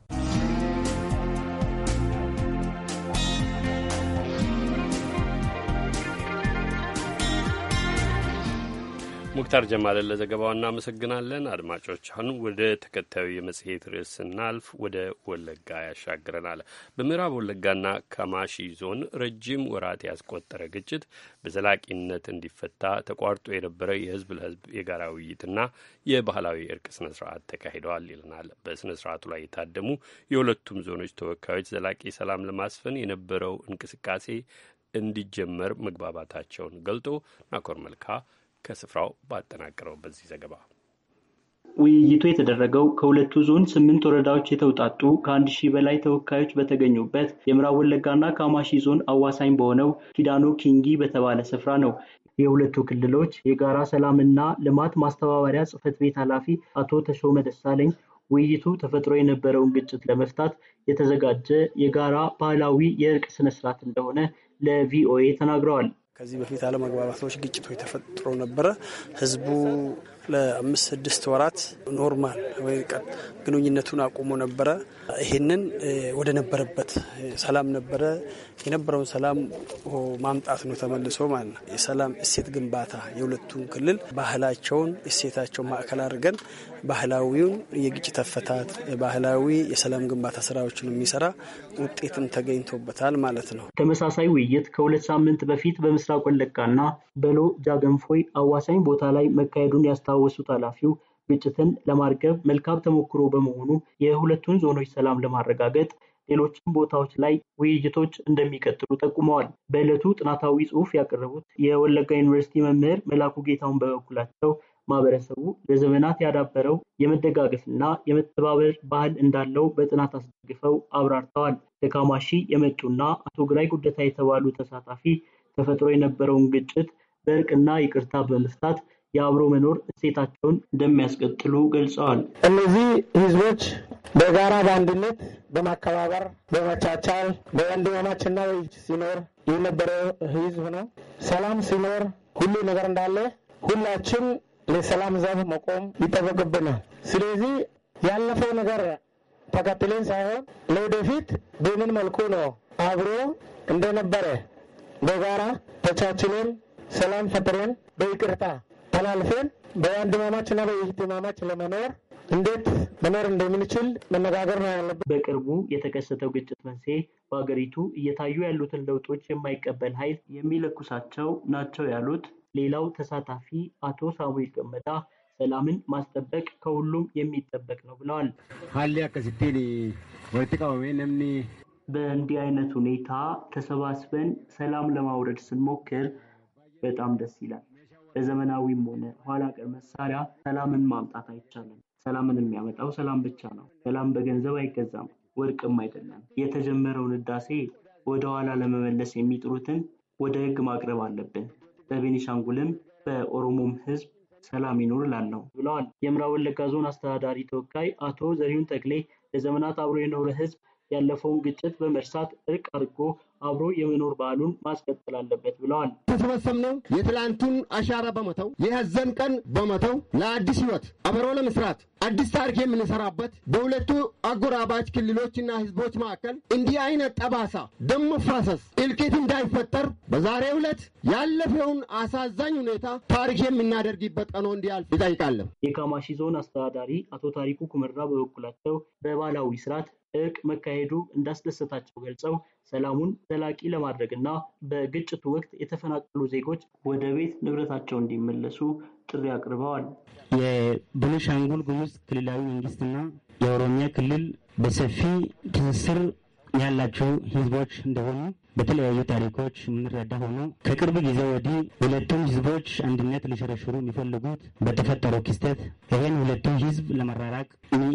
ሙክታር ጀማልን ለዘገባው እናመሰግናለን። አድማጮች አሁን ወደ ተከታዩ የመጽሔት ርዕስ ስናልፍ ወደ ወለጋ ያሻግረናል። በምዕራብ ወለጋና ከማሺ ዞን ረጅም ወራት ያስቆጠረ ግጭት በዘላቂነት እንዲፈታ ተቋርጦ የነበረ የህዝብ ለህዝብ የጋራ ውይይትና የባህላዊ እርቅ ስነ ስርዓት ተካሂደዋል ይለናል። በስነ ስርዓቱ ላይ የታደሙ የሁለቱም ዞኖች ተወካዮች ዘላቂ ሰላም ለማስፈን የነበረው እንቅስቃሴ እንዲጀመር መግባባታቸውን ገልጦ ናኮር መልካ ከስፍራው ባጠናቀረው በዚህ ዘገባ ውይይቱ የተደረገው ከሁለቱ ዞን ስምንት ወረዳዎች የተውጣጡ ከአንድ ሺህ በላይ ተወካዮች በተገኙበት የምዕራብ ወለጋና ካማሺ ዞን አዋሳኝ በሆነው ኪዳኖ ኪንጊ በተባለ ስፍራ ነው። የሁለቱ ክልሎች የጋራ ሰላምና ልማት ማስተባበሪያ ጽሕፈት ቤት ኃላፊ አቶ ተሾመ ደሳለኝ ውይይቱ ተፈጥሮ የነበረውን ግጭት ለመፍታት የተዘጋጀ የጋራ ባህላዊ የእርቅ ስነስርዓት እንደሆነ ለቪኦኤ ተናግረዋል። ከዚህ በፊት አለመግባባቶች፣ ግጭቶች ተፈጥሮ ነበረ። ህዝቡ ለአምስት ስድስት ወራት ኖርማል ወይ ግንኙነቱን አቁሞ ነበረ። ይሄንን ወደ ነበረበት ሰላም ነበረ የነበረውን ሰላም ማምጣት ነው ተመልሶ ማለት ነው። የሰላም እሴት ግንባታ የሁለቱን ክልል ባህላቸውን እሴታቸውን ማዕከል አድርገን ባህላዊውን የግጭት አፈታት ባህላዊ የሰላም ግንባታ ስራዎችን የሚሰራ ውጤትም ተገኝቶበታል ማለት ነው። ተመሳሳይ ውይይት ከሁለት ሳምንት በፊት በምስራቅ ወለቃና በሎ ጃገንፎይ አዋሳኝ ቦታ ላይ መካሄዱን ያስታ ያስታወሱት ኃላፊው ግጭትን ለማርገብ መልካም ተሞክሮ በመሆኑ የሁለቱን ዞኖች ሰላም ለማረጋገጥ ሌሎችም ቦታዎች ላይ ውይይቶች እንደሚቀጥሉ ጠቁመዋል። በዕለቱ ጥናታዊ ጽሑፍ ያቀረቡት የወለጋ ዩኒቨርሲቲ መምህር መላኩ ጌታውን በበኩላቸው ማህበረሰቡ ለዘመናት ያዳበረው የመደጋገፍና የመተባበር ባህል እንዳለው በጥናት አስደግፈው አብራርተዋል። ከካማሺ የመጡና አቶ ግራይ ጉደታ የተባሉ ተሳታፊ ተፈጥሮ የነበረውን ግጭት በእርቅና ይቅርታ በመፍታት የአብሮ መኖር እሴታቸውን እንደሚያስቀጥሉ ገልጸዋል። እነዚህ ህዝቦች በጋራ በአንድነት በማከባበር በመቻቻል በወንድማማችና ወይጅ ሲኖር የነበረ ህዝብ ነው። ሰላም ሲኖር ሁሉ ነገር እንዳለ ሁላችን ለሰላም ዛፍ መቆም ይጠበቅብናል። ስለዚህ ያለፈው ነገር ተከትለን ሳይሆን ለወደፊት በምን መልኩ ነው አብሮ እንደነበረ በጋራ ተቻችለን ሰላም ፈጥረን በይቅርታ ተላልፈን በወንድማማችና በእህትማማች ለመኖር እንዴት መኖር እንደምንችል መነጋገር ነው ያለበት። በቅርቡ የተከሰተው ግጭት መንስኤ በሀገሪቱ እየታዩ ያሉትን ለውጦች የማይቀበል ኃይል የሚለኩሳቸው ናቸው ያሉት ሌላው ተሳታፊ አቶ ሳሙኤል ገመዳ ሰላምን ማስጠበቅ ከሁሉም የሚጠበቅ ነው ብለዋል። ሀሊ አከሲቴን ወይትቃወሜ ነምኒ በእንዲህ አይነት ሁኔታ ተሰባስበን ሰላም ለማውረድ ስንሞክር በጣም ደስ ይላል። በዘመናዊም ሆነ ኋላ ቀር መሳሪያ ሰላምን ማምጣት አይቻልም። ሰላምን የሚያመጣው ሰላም ብቻ ነው። ሰላም በገንዘብ አይገዛም፣ ወርቅም አይደለም። የተጀመረውን ህዳሴ ወደ ኋላ ለመመለስ የሚጥሩትን ወደ ህግ ማቅረብ አለብን። በቤኒሻንጉልም በኦሮሞም ህዝብ ሰላም ይኑር ላለው ብለዋል። የምዕራብ ወለጋ ዞን አስተዳዳሪ ተወካይ አቶ ዘሪሁን ተክሌ ለዘመናት አብሮ የኖረ ህዝብ ያለፈውን ግጭት በመርሳት እርቅ አድርጎ አብሮ የመኖር ባህሉን ማስቀጠል አለበት ብለዋል። ተሰበሰብነው የትላንቱን አሻራ በመተው የሀዘን ቀን በመተው ለአዲስ ህይወት አብሮ ለመስራት አዲስ ታሪክ የምንሰራበት በሁለቱ አጎራባች ክልሎችና ህዝቦች መካከል እንዲህ አይነት ጠባሳ፣ ደም መፋሰስ፣ እልቂት እንዳይፈጠር በዛሬው ዕለት ያለፈውን አሳዛኝ ሁኔታ ታሪክ የምናደርግበት ቀኖ እንዲያልፍ ይጠይቃለን። የካማሺ ዞን አስተዳዳሪ አቶ ታሪኩ ኩመራ በበኩላቸው በባህላዊ ስርዓት እርቅ መካሄዱ እንዳስደሰታቸው ገልጸው ሰላሙን ዘላቂ እና በግጭቱ ወቅት የተፈናቀሉ ዜጎች ወደ ቤት ንብረታቸው እንዲመለሱ ጥሪ አቅርበዋል። የቤኒሻንጉል ጉሙዝ ክልላዊ መንግስትና የኦሮሚያ ክልል በሰፊ ትስስር ያላቸው ህዝቦች እንደሆኑ በተለያዩ ታሪኮች የምንረዳ ሆኖ ከቅርብ ጊዜ ወዲህ ሁለቱም ህዝቦች አንድነት ሊሸረሽሩ የሚፈልጉት በተፈጠረው ክስተት ይህን ሁለቱም ህዝብ ለመራራቅ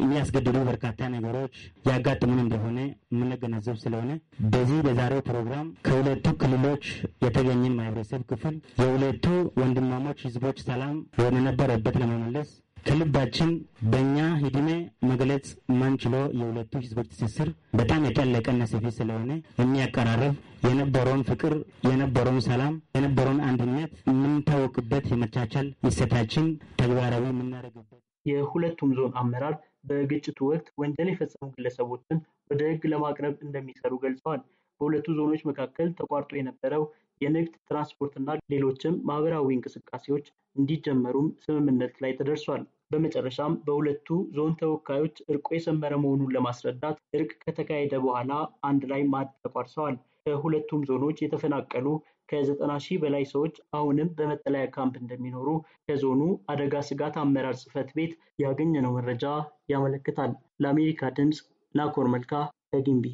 የሚያስገድዱ በርካታ ነገሮች ያጋጥሙን እንደሆነ የምንገነዘብ ስለሆነ በዚህ በዛሬው ፕሮግራም ከሁለቱ ክልሎች የተገኘን ማህበረሰብ ክፍል የሁለቱ ወንድማሞች ህዝቦች ሰላም ወደነበረበት ለመመለስ ከልባችን በእኛ ሂድሜ መግለጽ ማንችሎ የሁለቱ ህዝቦች ትስስር በጣም የጠለቀና ሰፊ ስለሆነ የሚያቀራርብ የነበረውን ፍቅር፣ የነበረውን ሰላም፣ የነበረውን አንድነት የምንታወቅበት የመቻቻል እሴታችን ተግባራዊ የምናደርግበት የሁለቱም ዞን አመራር በግጭቱ ወቅት ወንጀል የፈጸሙ ግለሰቦችን ወደ ህግ ለማቅረብ እንደሚሰሩ ገልጸዋል። በሁለቱ ዞኖች መካከል ተቋርጦ የነበረው የንግድ ትራንስፖርትና ሌሎችም ማህበራዊ እንቅስቃሴዎች እንዲጀመሩም ስምምነት ላይ ተደርሷል። በመጨረሻም በሁለቱ ዞን ተወካዮች እርቁ የሰመረ መሆኑን ለማስረዳት እርቅ ከተካሄደ በኋላ አንድ ላይ ማዕድ ተቋርሰዋል። ከሁለቱም ዞኖች የተፈናቀሉ ከዘጠና ሺህ በላይ ሰዎች አሁንም በመጠለያ ካምፕ እንደሚኖሩ ከዞኑ አደጋ ስጋት አመራር ጽህፈት ቤት ያገኘነው መረጃ ያመለክታል። ለአሜሪካ ድምፅ ናኮር መልካ ከጊምቢ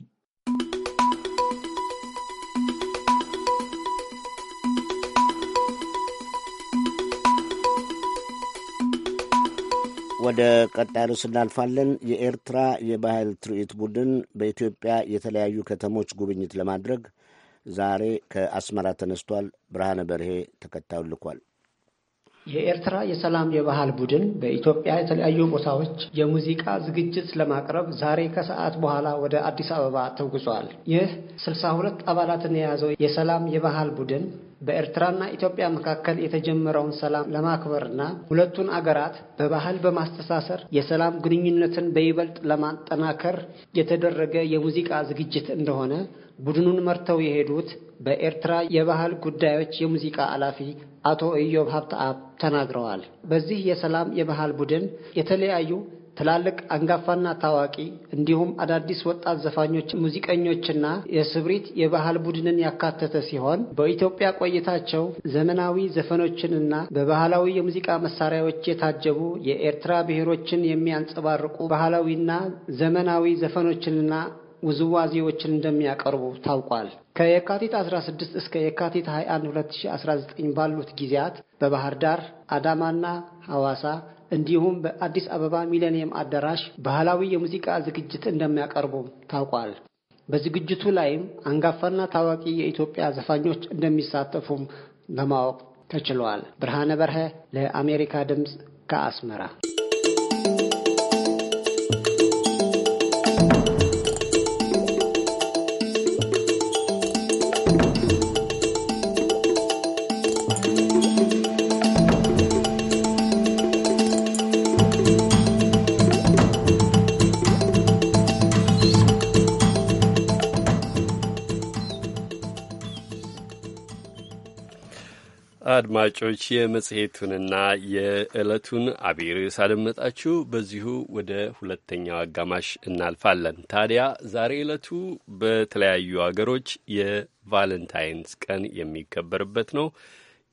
ወደ ቀጣዩ ስናልፋለን። የኤርትራ የባህል ትርኢት ቡድን በኢትዮጵያ የተለያዩ ከተሞች ጉብኝት ለማድረግ ዛሬ ከአስመራ ተነስቷል። ብርሃነ በርሄ ተከታዩ ልኳል። የኤርትራ የሰላም የባህል ቡድን በኢትዮጵያ የተለያዩ ቦታዎች የሙዚቃ ዝግጅት ለማቅረብ ዛሬ ከሰዓት በኋላ ወደ አዲስ አበባ ተጉዟል። ይህ ስልሳ ሁለት አባላትን የያዘው የሰላም የባህል ቡድን በኤርትራና ኢትዮጵያ መካከል የተጀመረውን ሰላም ለማክበርና ሁለቱን አገራት በባህል በማስተሳሰር የሰላም ግንኙነትን በይበልጥ ለማጠናከር የተደረገ የሙዚቃ ዝግጅት እንደሆነ ቡድኑን መርተው የሄዱት በኤርትራ የባህል ጉዳዮች የሙዚቃ ኃላፊ አቶ ኢዮብ ሀብተአብ ተናግረዋል። በዚህ የሰላም የባህል ቡድን የተለያዩ ትላልቅ አንጋፋና ታዋቂ እንዲሁም አዳዲስ ወጣት ዘፋኞች፣ ሙዚቀኞችና የስብሪት የባህል ቡድንን ያካተተ ሲሆን በኢትዮጵያ ቆይታቸው ዘመናዊ ዘፈኖችንና በባህላዊ የሙዚቃ መሳሪያዎች የታጀቡ የኤርትራ ብሔሮችን የሚያንጸባርቁ ባህላዊና ዘመናዊ ዘፈኖችንና ውዝዋዜዎችን እንደሚያቀርቡ ታውቋል። ከየካቲት 16 እስከ የካቲት 21 2019 ባሉት ጊዜያት በባህር ዳር፣ አዳማና ሐዋሳ እንዲሁም በአዲስ አበባ ሚሌኒየም አዳራሽ ባህላዊ የሙዚቃ ዝግጅት እንደሚያቀርቡ ታውቋል። በዝግጅቱ ላይም አንጋፋና ታዋቂ የኢትዮጵያ ዘፋኞች እንደሚሳተፉም ለማወቅ ተችሏል። ብርሃነ በርሀ ለአሜሪካ ድምፅ ከአስመራ አድማጮች የመጽሔቱንና የዕለቱን አብይ ርዕስ አደመጣችሁ። በዚሁ ወደ ሁለተኛው አጋማሽ እናልፋለን። ታዲያ ዛሬ ዕለቱ በተለያዩ አገሮች የቫለንታይንስ ቀን የሚከበርበት ነው።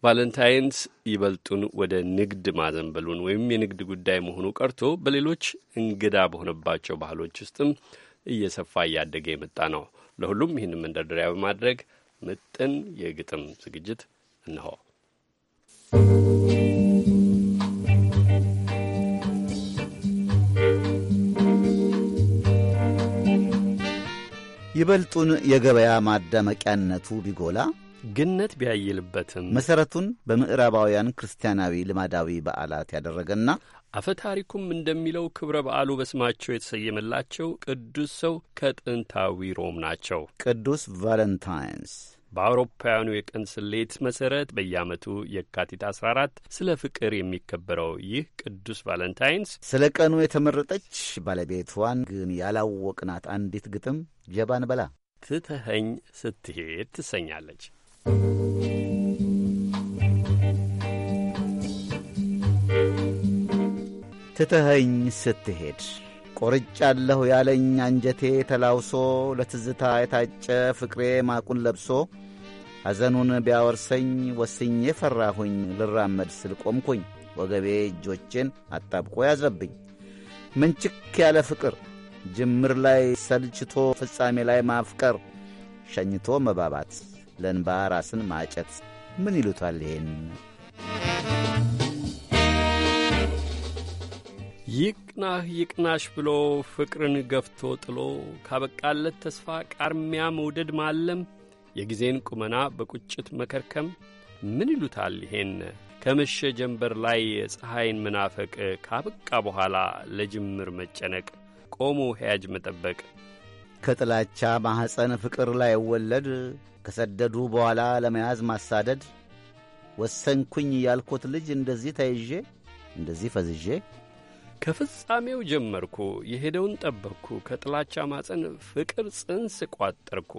ቫለንታይንስ ይበልጡን ወደ ንግድ ማዘንበሉን ወይም የንግድ ጉዳይ መሆኑ ቀርቶ በሌሎች እንግዳ በሆነባቸው ባህሎች ውስጥም እየሰፋ እያደገ የመጣ ነው። ለሁሉም ይህን መንደርደሪያ በማድረግ ምጥን የግጥም ዝግጅት እንሆ ይበልጡን የገበያ ማዳመቂያነቱ ቢጎላ ግነት ቢያይልበትም መሠረቱን በምዕራባውያን ክርስቲያናዊ ልማዳዊ በዓላት ያደረገና አፈ ታሪኩም እንደሚለው ክብረ በዓሉ በስማቸው የተሰየመላቸው ቅዱስ ሰው ከጥንታዊ ሮም ናቸው። ቅዱስ ቫለንታይንስ በአውሮፓውያኑ የቀን ስሌት መሰረት በየዓመቱ የካቲት 14 ስለ ፍቅር የሚከበረው ይህ ቅዱስ ቫለንታይንስ ስለ ቀኑ የተመረጠች ባለቤቷን ግን ያላወቅናት አንዲት ግጥም ጀባን በላ ትተኸኝ ስትሄድ ትሰኛለች። ትተኸኝ ስትሄድ ቆርጫለሁ ያለኝ አንጀቴ ተላውሶ ለትዝታ የታጨ ፍቅሬ ማቁን ለብሶ ሐዘኑን ቢያወርሰኝ ወስኜ ፈራሁኝ ልራመድ ስል ቆምኩኝ ወገቤ እጆቼን አጣብቆ ያዘብኝ። ምንችክ ያለ ፍቅር ጅምር ላይ ሰልችቶ ፍጻሜ ላይ ማፍቀር ሸኝቶ መባባት ለንባ ራስን ማጨት ምን ይሉታል ይሄን? ይቅናህ ይቅናሽ ብሎ ፍቅርን ገፍቶ ጥሎ ካበቃለት ተስፋ ቃርሚያ መውደድ ማለም የጊዜን ቁመና በቁጭት መከርከም ምን ይሉታል ይሄን ከመሸ ጀንበር ላይ የፀሐይን መናፈቅ ካበቃ በኋላ ለጅምር መጨነቅ ቆሞ ሕያጅ መጠበቅ ከጥላቻ ማኅፀን ፍቅር ላይ ወለድ ከሰደዱ በኋላ ለመያዝ ማሳደድ ወሰንኩኝ ያልኩት ልጅ እንደዚህ ተይዤ እንደዚህ ፈዝዤ ከፍጻሜው ጀመርኩ፣ የሄደውን ጠበቅኩ፣ ከጥላቻ ማፀን ፍቅር ጽንስ ቋጠርኩ፣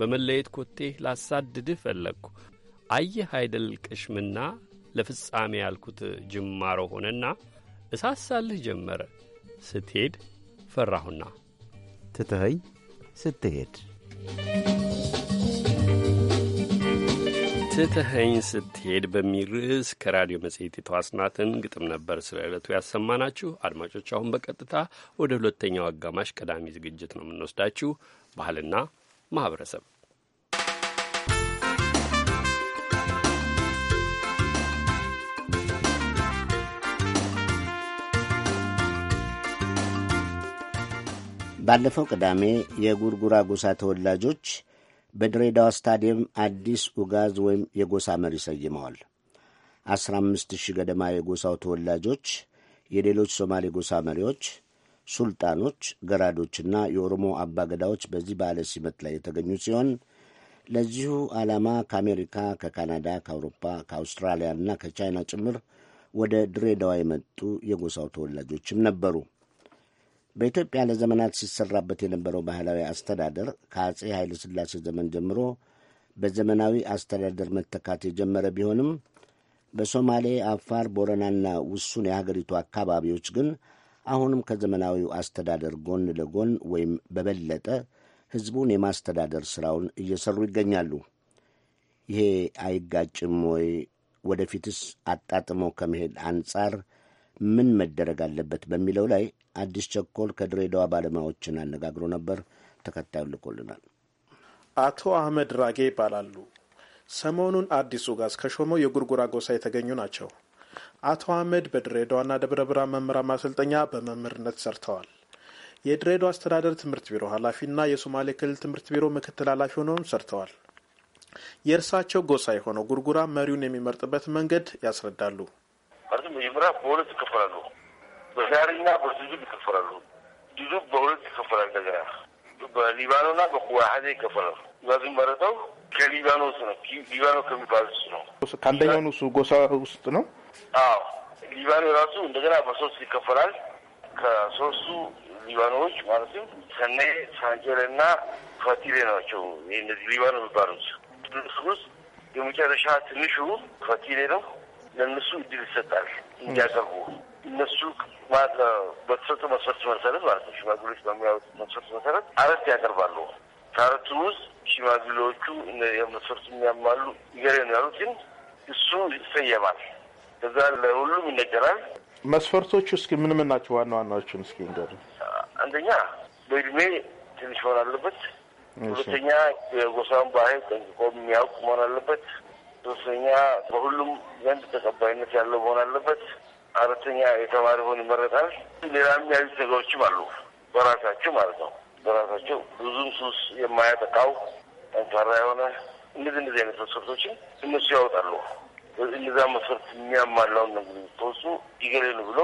በመለየት ኮቴ ላሳድድህ ፈለግኩ። አየህ አይደል ቅሽምና ለፍጻሜ ያልኩት ጅማሮ ሆነና እሳሳልህ ጀመረ ስትሄድ ፈራሁና ትትኸኝ ስትሄድ ትተኸኝ ስትሄድ በሚል ርዕስ ከራዲዮ መጽሔት የተዋስናትን ግጥም ነበር ስለ ዕለቱ ያሰማናችሁ። አድማጮች አሁን በቀጥታ ወደ ሁለተኛው አጋማሽ ቀዳሚ ዝግጅት ነው የምንወስዳችሁ። ባህልና ማህበረሰብ ባለፈው ቅዳሜ የጉርጉራ ጎሳ ተወላጆች በድሬዳዋ ስታዲየም አዲስ ኡጋዝ ወይም የጎሳ መሪ ሰይመዋል። አስራ አምስት ሺህ ገደማ የጎሳው ተወላጆች፣ የሌሎች ሶማሌ ጎሳ መሪዎች፣ ሱልጣኖች፣ ገራዶችና የኦሮሞ አባገዳዎች በዚህ በዓለ ሲመት ላይ የተገኙ ሲሆን ለዚሁ ዓላማ ከአሜሪካ፣ ከካናዳ፣ ከአውሮፓ፣ ከአውስትራሊያና ከቻይና ጭምር ወደ ድሬዳዋ የመጡ የጎሳው ተወላጆችም ነበሩ። በኢትዮጵያ ለዘመናት ሲሰራበት የነበረው ባህላዊ አስተዳደር ከአጼ ኃይለ ሥላሴ ዘመን ጀምሮ በዘመናዊ አስተዳደር መተካት የጀመረ ቢሆንም በሶማሌ፣ አፋር፣ ቦረናና ውሱን የሀገሪቱ አካባቢዎች ግን አሁንም ከዘመናዊው አስተዳደር ጎን ለጎን ወይም በበለጠ ሕዝቡን የማስተዳደር ሥራውን እየሰሩ ይገኛሉ። ይሄ አይጋጭም ወይ? ወደፊትስ አጣጥሞ ከመሄድ አንጻር ምን መደረግ አለበት በሚለው ላይ አዲስ ቸኮል ከድሬዳዋ ባለሙያዎችን አነጋግሮ ነበር። ተከታዩን ልኮልናል። አቶ አህመድ ራጌ ይባላሉ። ሰሞኑን አዲሱ ጋዝ ከሾመው የጉርጉራ ጎሳ የተገኙ ናቸው። አቶ አህመድ በድሬዳዋና ደብረ ብርሃን መምህራን ማሰልጠኛ በመምህርነት ሰርተዋል። የድሬዳዋ አስተዳደር ትምህርት ቢሮ ኃላፊና የሶማሌ ክልል ትምህርት ቢሮ ምክትል ኃላፊ ሆነውም ሰርተዋል። የእርሳቸው ጎሳ የሆነው ጉርጉራ መሪውን የሚመርጥበት መንገድ ያስረዳሉ። መጀመሪያ በሁለት ይከፈላሉ። በዛሬና በዙዙብ ይከፈላሉ። ዙዙብ በሁለት ይከፈላል። እንደገና በሊባኖና በኩዋሐዜ ይከፈላሉ። ጓዙ መረጠው ከሊባኖስ ነው። ሊባኖ ከሚባል እሱ ነው። ከአንደኛው እሱ ጎሳ ውስጥ ነው። አዎ ሊባኖ ራሱ እንደገና በሶስት ይከፈላል። ከሶስቱ ሊባኖዎች ማለትም ሰኔ፣ ሳንጀልና ፋቲሌ ናቸው። ይህ እነዚህ ሊባኖ የሚባሉት ትንሽ የመጨረሻ ትንሹ ፈቲሌ ነው። ለእነሱ እድል ይሰጣል እንዲያቀርቡ እነሱ በተሰጡ መስፈርት መሰረት ማለት ነው ሽማግሌዎች በሚያወጡት መስፈርት መሰረት አረት ያቀርባሉ። ከአረቱ ውስጥ ሽማግሌዎቹ መስፈርቱ የሚያማሉ ይገሬ ነው ያሉትን እሱ ይሰየማል። ከዛ ለሁሉም ይነገራል። መስፈርቶቹ እስኪ ምን ምን ናቸው? ዋና ዋናዎቹን እስኪ ንገሩ። አንደኛ በእድሜ ትንሽ መሆን አለበት። ሁለተኛ የጎሳን ባህል ጠንቅቆ የሚያውቅ መሆን አለበት። ሶስተኛ በሁሉም ዘንድ ተቀባይነት ያለው መሆን አለበት። አራተኛ ሆን ይመረጣል። ሌላ የሚያዩ ዜጋዎችም አሉ በራሳቸው ማለት ነው። በራሳቸው ብዙም ሱስ የማያጠቃው ጠንካራ የሆነ እንደዚህ እንደዚህ አይነት መስፈርቶችን እነሱ ያወጣሉ። እነዛ መስፈርት የሚያማላውን ነው ተወሱ ይገለሉ ብሎ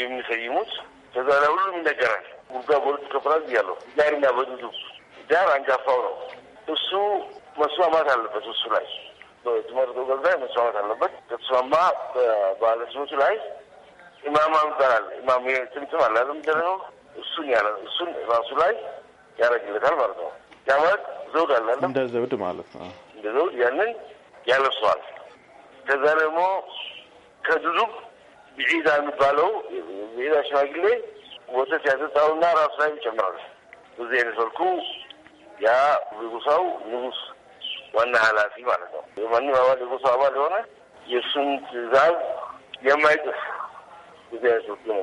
የሚሰይሙት። ከዛ ላይ ሁሉም ይነገራል። ጉርጋ በሉ ከፍራዝ እያለሁ ዳርና በዱዱ ዳር አንጋፋው ነው እሱ መስማማት አለበት እሱ ላይ በትምህርቱ ገዛ መስማማት አለበት። ከተስማማ በባለስኖቱ ላይ ኢማም አምጠናል ኢማም ትምትም አለ ነው እሱን ያለ እሱን ራሱ ላይ ያደረግለታል ማለት ነው። ያ ማለት ዘውድ አለ እንደ ዘውድ ማለት ነው። እንደ ዘውድ ያንን ያለብሰዋል። ከዛ ደግሞ ከዱዱብ ብዒዳ የሚባለው ብዒዳ ሽማግሌ ወተት ያጠጣውና ራሱ ላይ ይጨምራል። እዚህ አይነት መልኩ ያ ንጉሳው ንጉስ ዋና ኃላፊ ማለት ነው። ማንም አባል የጎሳው አባል የሆነ የእሱን ትእዛዝ የማይጥፍ ሊያዙት ነው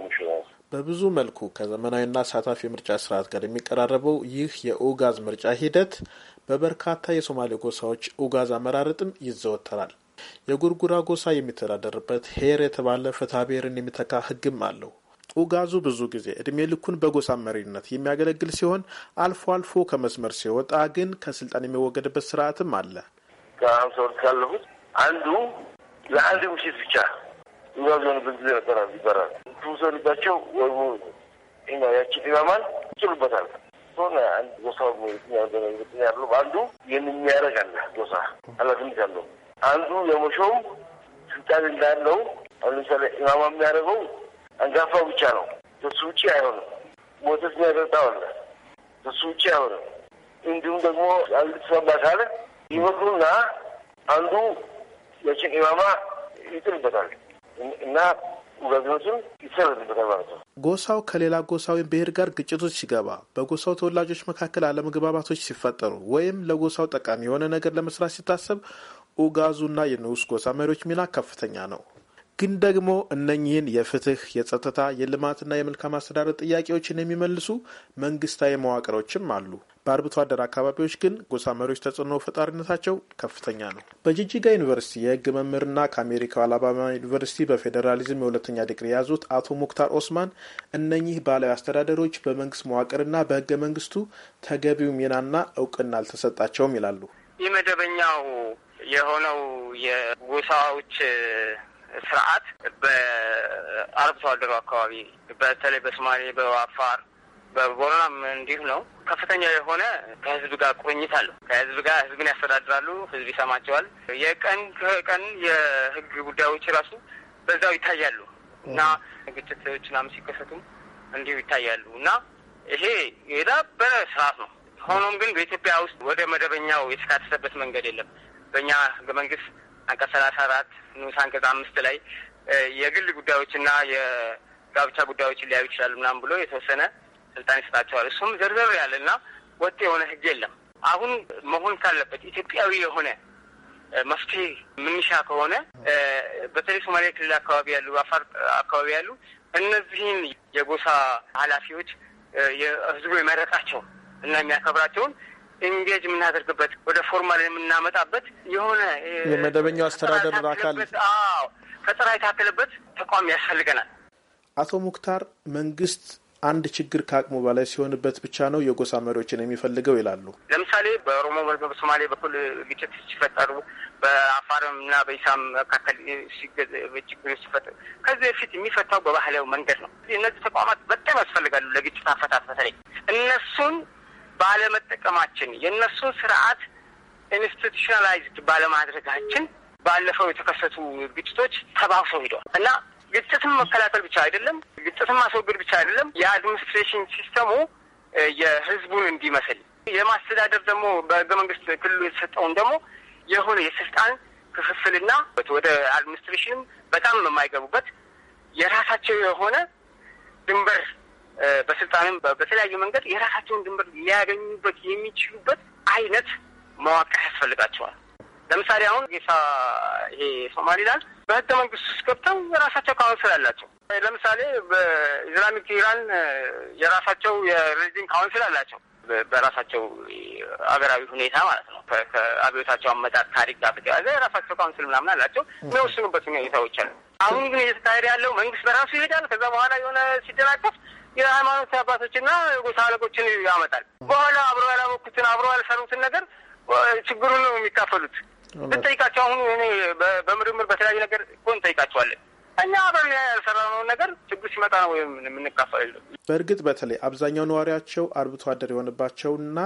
በብዙ መልኩ ከዘመናዊና አሳታፊ የምርጫ ስርዓት ጋር የሚቀራረበው ይህ የኡጋዝ ምርጫ ሂደት በበርካታ የሶማሌ ጎሳዎች ኡጋዝ አመራረጥም ይዘወተራል። የጉርጉራ ጎሳ የሚተዳደርበት ሄር የተባለ ፍትሐ ብሔርን የሚተካ ህግም አለው። ኡጋዙ ብዙ ጊዜ እድሜ ልኩን በጎሳ መሪነት የሚያገለግል ሲሆን አልፎ አልፎ ከመስመር ሲወጣ ግን ከስልጣን የሚወገድበት ስርዓትም አለ። ከሀምሳ ወር ካለፉት አንዱ ለአንድ ምሽት ብቻ ትዛዝ የሆነበት ጊዜ ነበራል። ይባላል ሰውልባቸው ወይ ያችን ኢማማን ይችሉበታል ሆነ አንድ ጎሳ ያሉ አንዱ የሚያደርግ አለ ጎሳ ኃላፊነት ያለው አንዱ የመሾም ስልጣን እንዳለው አሁን ለምሳሌ ኢማማ የሚያደርገው አንጋፋው ብቻ ነው። ከሱ ውጭ አይሆንም። ሞተት የሚያደርጣው አለ። ከሱ ውጭ አይሆንም። እንዲሁም ደግሞ አንድ ተሰባ ካለ ይመክሩና አንዱ የችን ኢማማ ይጥልበታል። እና ወገኖችም ይሰረዝበታል ማለት ነው። ጎሳው ከሌላ ጎሳ ወይም ብሔር ጋር ግጭቶች ሲገባ፣ በጎሳው ተወላጆች መካከል አለመግባባቶች ሲፈጠሩ፣ ወይም ለጎሳው ጠቃሚ የሆነ ነገር ለመስራት ሲታሰብ ኡጋዙና የንዑስ ጎሳ መሪዎች ሚና ከፍተኛ ነው። ግን ደግሞ እነኚህን የፍትህ፣ የጸጥታ፣ የልማትና የመልካም አስተዳደር ጥያቄዎችን የሚመልሱ መንግስታዊ መዋቅሮችም አሉ። በአርብቶ አደር አካባቢዎች ግን ጎሳ መሪዎች ተጽዕኖ ፈጣሪነታቸው ከፍተኛ ነው። በጂጂጋ ዩኒቨርሲቲ የህግ መምህርና ከአሜሪካው አላባማ ዩኒቨርሲቲ በፌዴራሊዝም የሁለተኛ ዲግሪ የያዙት አቶ ሙክታር ኦስማን እነኚህ ባህላዊ አስተዳደሮች በመንግስት መዋቅርና በህገ መንግስቱ ተገቢው ሚናና እውቅና አልተሰጣቸውም ይላሉ። ይህ መደበኛው የሆነው የጎሳዎች ስርዓት በአርብቶ አደሩ አካባቢ በተለይ በሶማሌ፣ በአፋር፣ በቦረናም እንዲሁ ነው። ከፍተኛ የሆነ ከህዝብ ጋር ቁርኝት አለው። ከህዝብ ጋር ህዝብን ያስተዳድራሉ። ህዝብ ይሰማቸዋል። የቀን ከቀን የህግ ጉዳዮች ራሱ በዛው ይታያሉ እና ግጭቶች ምናምን ሲከሰቱም እንዲሁ ይታያሉ እና ይሄ የዳበረ ስርዓት ነው። ሆኖም ግን በኢትዮጵያ ውስጥ ወደ መደበኛው የተካተተበት መንገድ የለም። በእኛ ህገ መንግስት አንቀጽ ሰላሳ አራት ንዑስ አንቀጽ አምስት ላይ የግል ጉዳዮችና የጋብቻ ጉዳዮችን ሊያዩ ይችላሉ ምናምን ብሎ የተወሰነ ስልጣን ይሰጣቸዋል። እሱም ዘርዘር ያለና ወጥ የሆነ ህግ የለም። አሁን መሆን ካለበት ኢትዮጵያዊ የሆነ መፍትሄ ምንሻ ከሆነ በተለይ ሶማሌ ክልል አካባቢ ያሉ፣ አፋር አካባቢ ያሉ እነዚህን የጎሳ ኃላፊዎች ህዝቡ የመረጣቸው እና የሚያከብራቸውን ኢንጌጅ የምናደርግበት ወደ ፎርማል የምናመጣበት የሆነ የመደበኛው አስተዳደር አካል ፈጠራ የታከለበት ተቋም ያስፈልገናል። አቶ ሙክታር መንግስት አንድ ችግር ከአቅሙ በላይ ሲሆንበት ብቻ ነው የጎሳ መሪዎችን የሚፈልገው ይላሉ። ለምሳሌ በኦሮሞ በሶማሌ በኩል ግጭት ሲፈጠሩ በአፋርም እና በኢሳም መካከል ችግር ሲፈጠሩ ከዚህ በፊት የሚፈታው በባህላዊ መንገድ ነው። እነዚህ ተቋማት በጣም ያስፈልጋሉ ለግጭት አፈታት በተለይ እነሱን ባለመጠቀማችን የእነሱን ስርዓት ኢንስቲቱሽናላይዝድ ባለማድረጋችን ባለፈው የተከሰቱ ግጭቶች ተባብሰው ሂደዋል እና ግጭትን መከላከል ብቻ አይደለም፣ ግጭትን ማስወገድ ብቻ አይደለም። የአድሚኒስትሬሽን ሲስተሙ የህዝቡን እንዲመስል የማስተዳደር ደግሞ በህገ መንግስት ክልሉ የተሰጠውን ደግሞ የሆነ የስልጣን ክፍፍልና ወደ አድሚኒስትሬሽንም በጣም የማይገቡበት የራሳቸው የሆነ ድንበር በስልጣንም በተለያዩ መንገድ የራሳቸውን ድንበር ሊያገኙበት የሚችሉበት አይነት መዋቅር ያስፈልጋቸዋል። ለምሳሌ አሁን ጌሳ ይሄ ሶማሊላንድ በህገ መንግስት ውስጥ ገብተው የራሳቸው ካውንስል አላቸው። ለምሳሌ በኢስላሚክ ኢራን የራሳቸው የሪሊጅን ካውንስል አላቸው። በራሳቸው አገራዊ ሁኔታ ማለት ነው። ከአብዮታቸው አመጣት ታሪክ ጋር በተያያዘ የራሳቸው ካውንስል ምናምን አላቸው። የሚወስኑበት ሁኔታዎች አሉ። አሁን ግን እየተካሄደ ያለው መንግስት በራሱ ይሄዳል። ከዛ በኋላ የሆነ ሲደናቀፍ የሃይማኖት አባቶችና የጎሳ አለቆችን ያመጣል። በኋላ አብሮ ያላወኩትን አብሮ ያልሰሩትን ነገር ችግሩን ነው የሚካፈሉት። ብንጠይቃቸው አሁን እኔ በምርምር በተለያዩ ነገር እኮ እንጠይቃቸዋለን። እኛ አብረን ያልሰራነውን ነገር ችግር ሲመጣ ነው ወይም የምንካፈል። በእርግጥ በተለይ አብዛኛው ነዋሪያቸው አርብቶ አደር የሆነባቸውና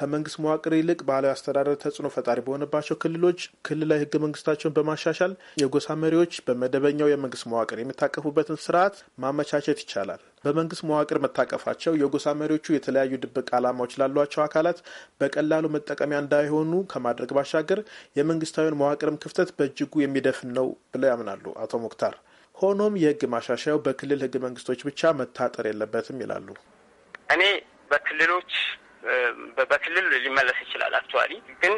ከመንግስት መዋቅር ይልቅ ባህላዊ አስተዳደር ተጽዕኖ ፈጣሪ በሆነባቸው ክልሎች ክልላዊ ህገ መንግስታቸውን በማሻሻል የጎሳ መሪዎች በመደበኛው የመንግስት መዋቅር የሚታቀፉበትን ስርዓት ማመቻቸት ይቻላል። በመንግስት መዋቅር መታቀፋቸው የጎሳ መሪዎቹ የተለያዩ ድብቅ ዓላማዎች ላሏቸው አካላት በቀላሉ መጠቀሚያ እንዳይሆኑ ከማድረግ ባሻገር የመንግስታዊን መዋቅርም ክፍተት በእጅጉ የሚደፍን ነው ብለው ያምናሉ አቶ ሙክታር። ሆኖም የህግ ማሻሻያው በክልል ህገ መንግስቶች ብቻ መታጠር የለበትም ይላሉ። እኔ በክልሎች በክልል ሊመለስ ይችላል። አክቹዋሊ ግን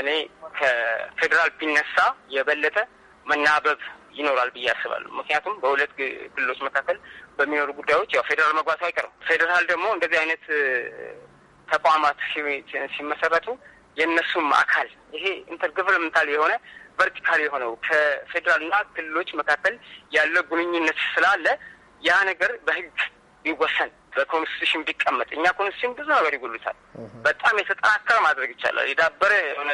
እኔ ከፌዴራል ቢነሳ የበለጠ መናበብ ይኖራል ብዬ አስባለሁ። ምክንያቱም በሁለት ክልሎች መካከል በሚኖሩ ጉዳዮች ያው ፌዴራል መግባቱ አይቀርም። ፌዴራል ደግሞ እንደዚህ አይነት ተቋማት ሲመሰረቱ የእነሱም አካል ይሄ ኢንተርገቨርንመንታል የሆነ ቨርቲካል የሆነው ከፌዴራልና ክልሎች መካከል ያለ ግንኙነት ስላለ ያ ነገር በህግ ይወሰን በኮንስቲቱሽን ቢቀመጥ እኛ ኮንስቲቱሽን ብዙ ነገር ይጉሉታል በጣም የተጠናከረ ማድረግ ይቻላል። የዳበረ የሆነ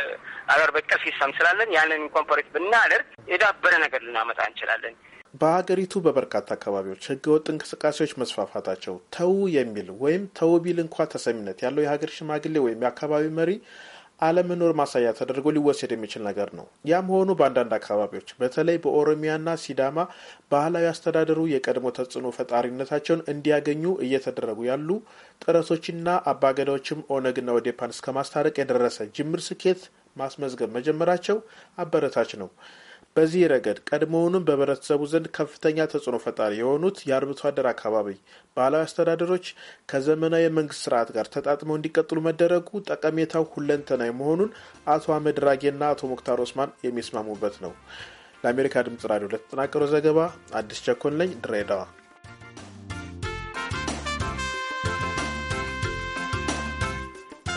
አገር በቀል ሲስተም ስላለን ያንን ኢንኮምፖሬት ብናደርግ የዳበረ ነገር ልናመጣ እንችላለን። በሀገሪቱ በበርካታ አካባቢዎች ህገወጥ እንቅስቃሴዎች መስፋፋታቸው ተዉ የሚል ወይም ተዉ ቢል እንኳ ተሰሚነት ያለው የሀገር ሽማግሌ ወይም የአካባቢ መሪ አለመኖር ማሳያ ተደርጎ ሊወሰድ የሚችል ነገር ነው። ያም ሆኑ በአንዳንድ አካባቢዎች በተለይ በኦሮሚያና ሲዳማ ባህላዊ አስተዳደሩ የቀድሞ ተጽዕኖ ፈጣሪነታቸውን እንዲያገኙ እየተደረጉ ያሉ ጥረቶችና አባገዳዎችም ኦነግና ወዴፓን እስከ ማስታረቅ የደረሰ ጅምር ስኬት ማስመዝገብ መጀመራቸው አበረታች ነው። በዚህ ረገድ ቀድሞውንም በህብረተሰቡ ዘንድ ከፍተኛ ተጽዕኖ ፈጣሪ የሆኑት የአርብቶ አደር አካባቢ ባህላዊ አስተዳደሮች ከዘመናዊ የመንግስት ስርዓት ጋር ተጣጥመው እንዲቀጥሉ መደረጉ ጠቀሜታው ሁለንተናዊ መሆኑን አቶ አህመድ ራጌና አቶ ሙክታር ኦስማን የሚስማሙበት ነው። ለአሜሪካ ድምጽ ራዲዮ ለተጠናቀረው ዘገባ አዲስ ቸኮን ለኝ ድሬዳዋ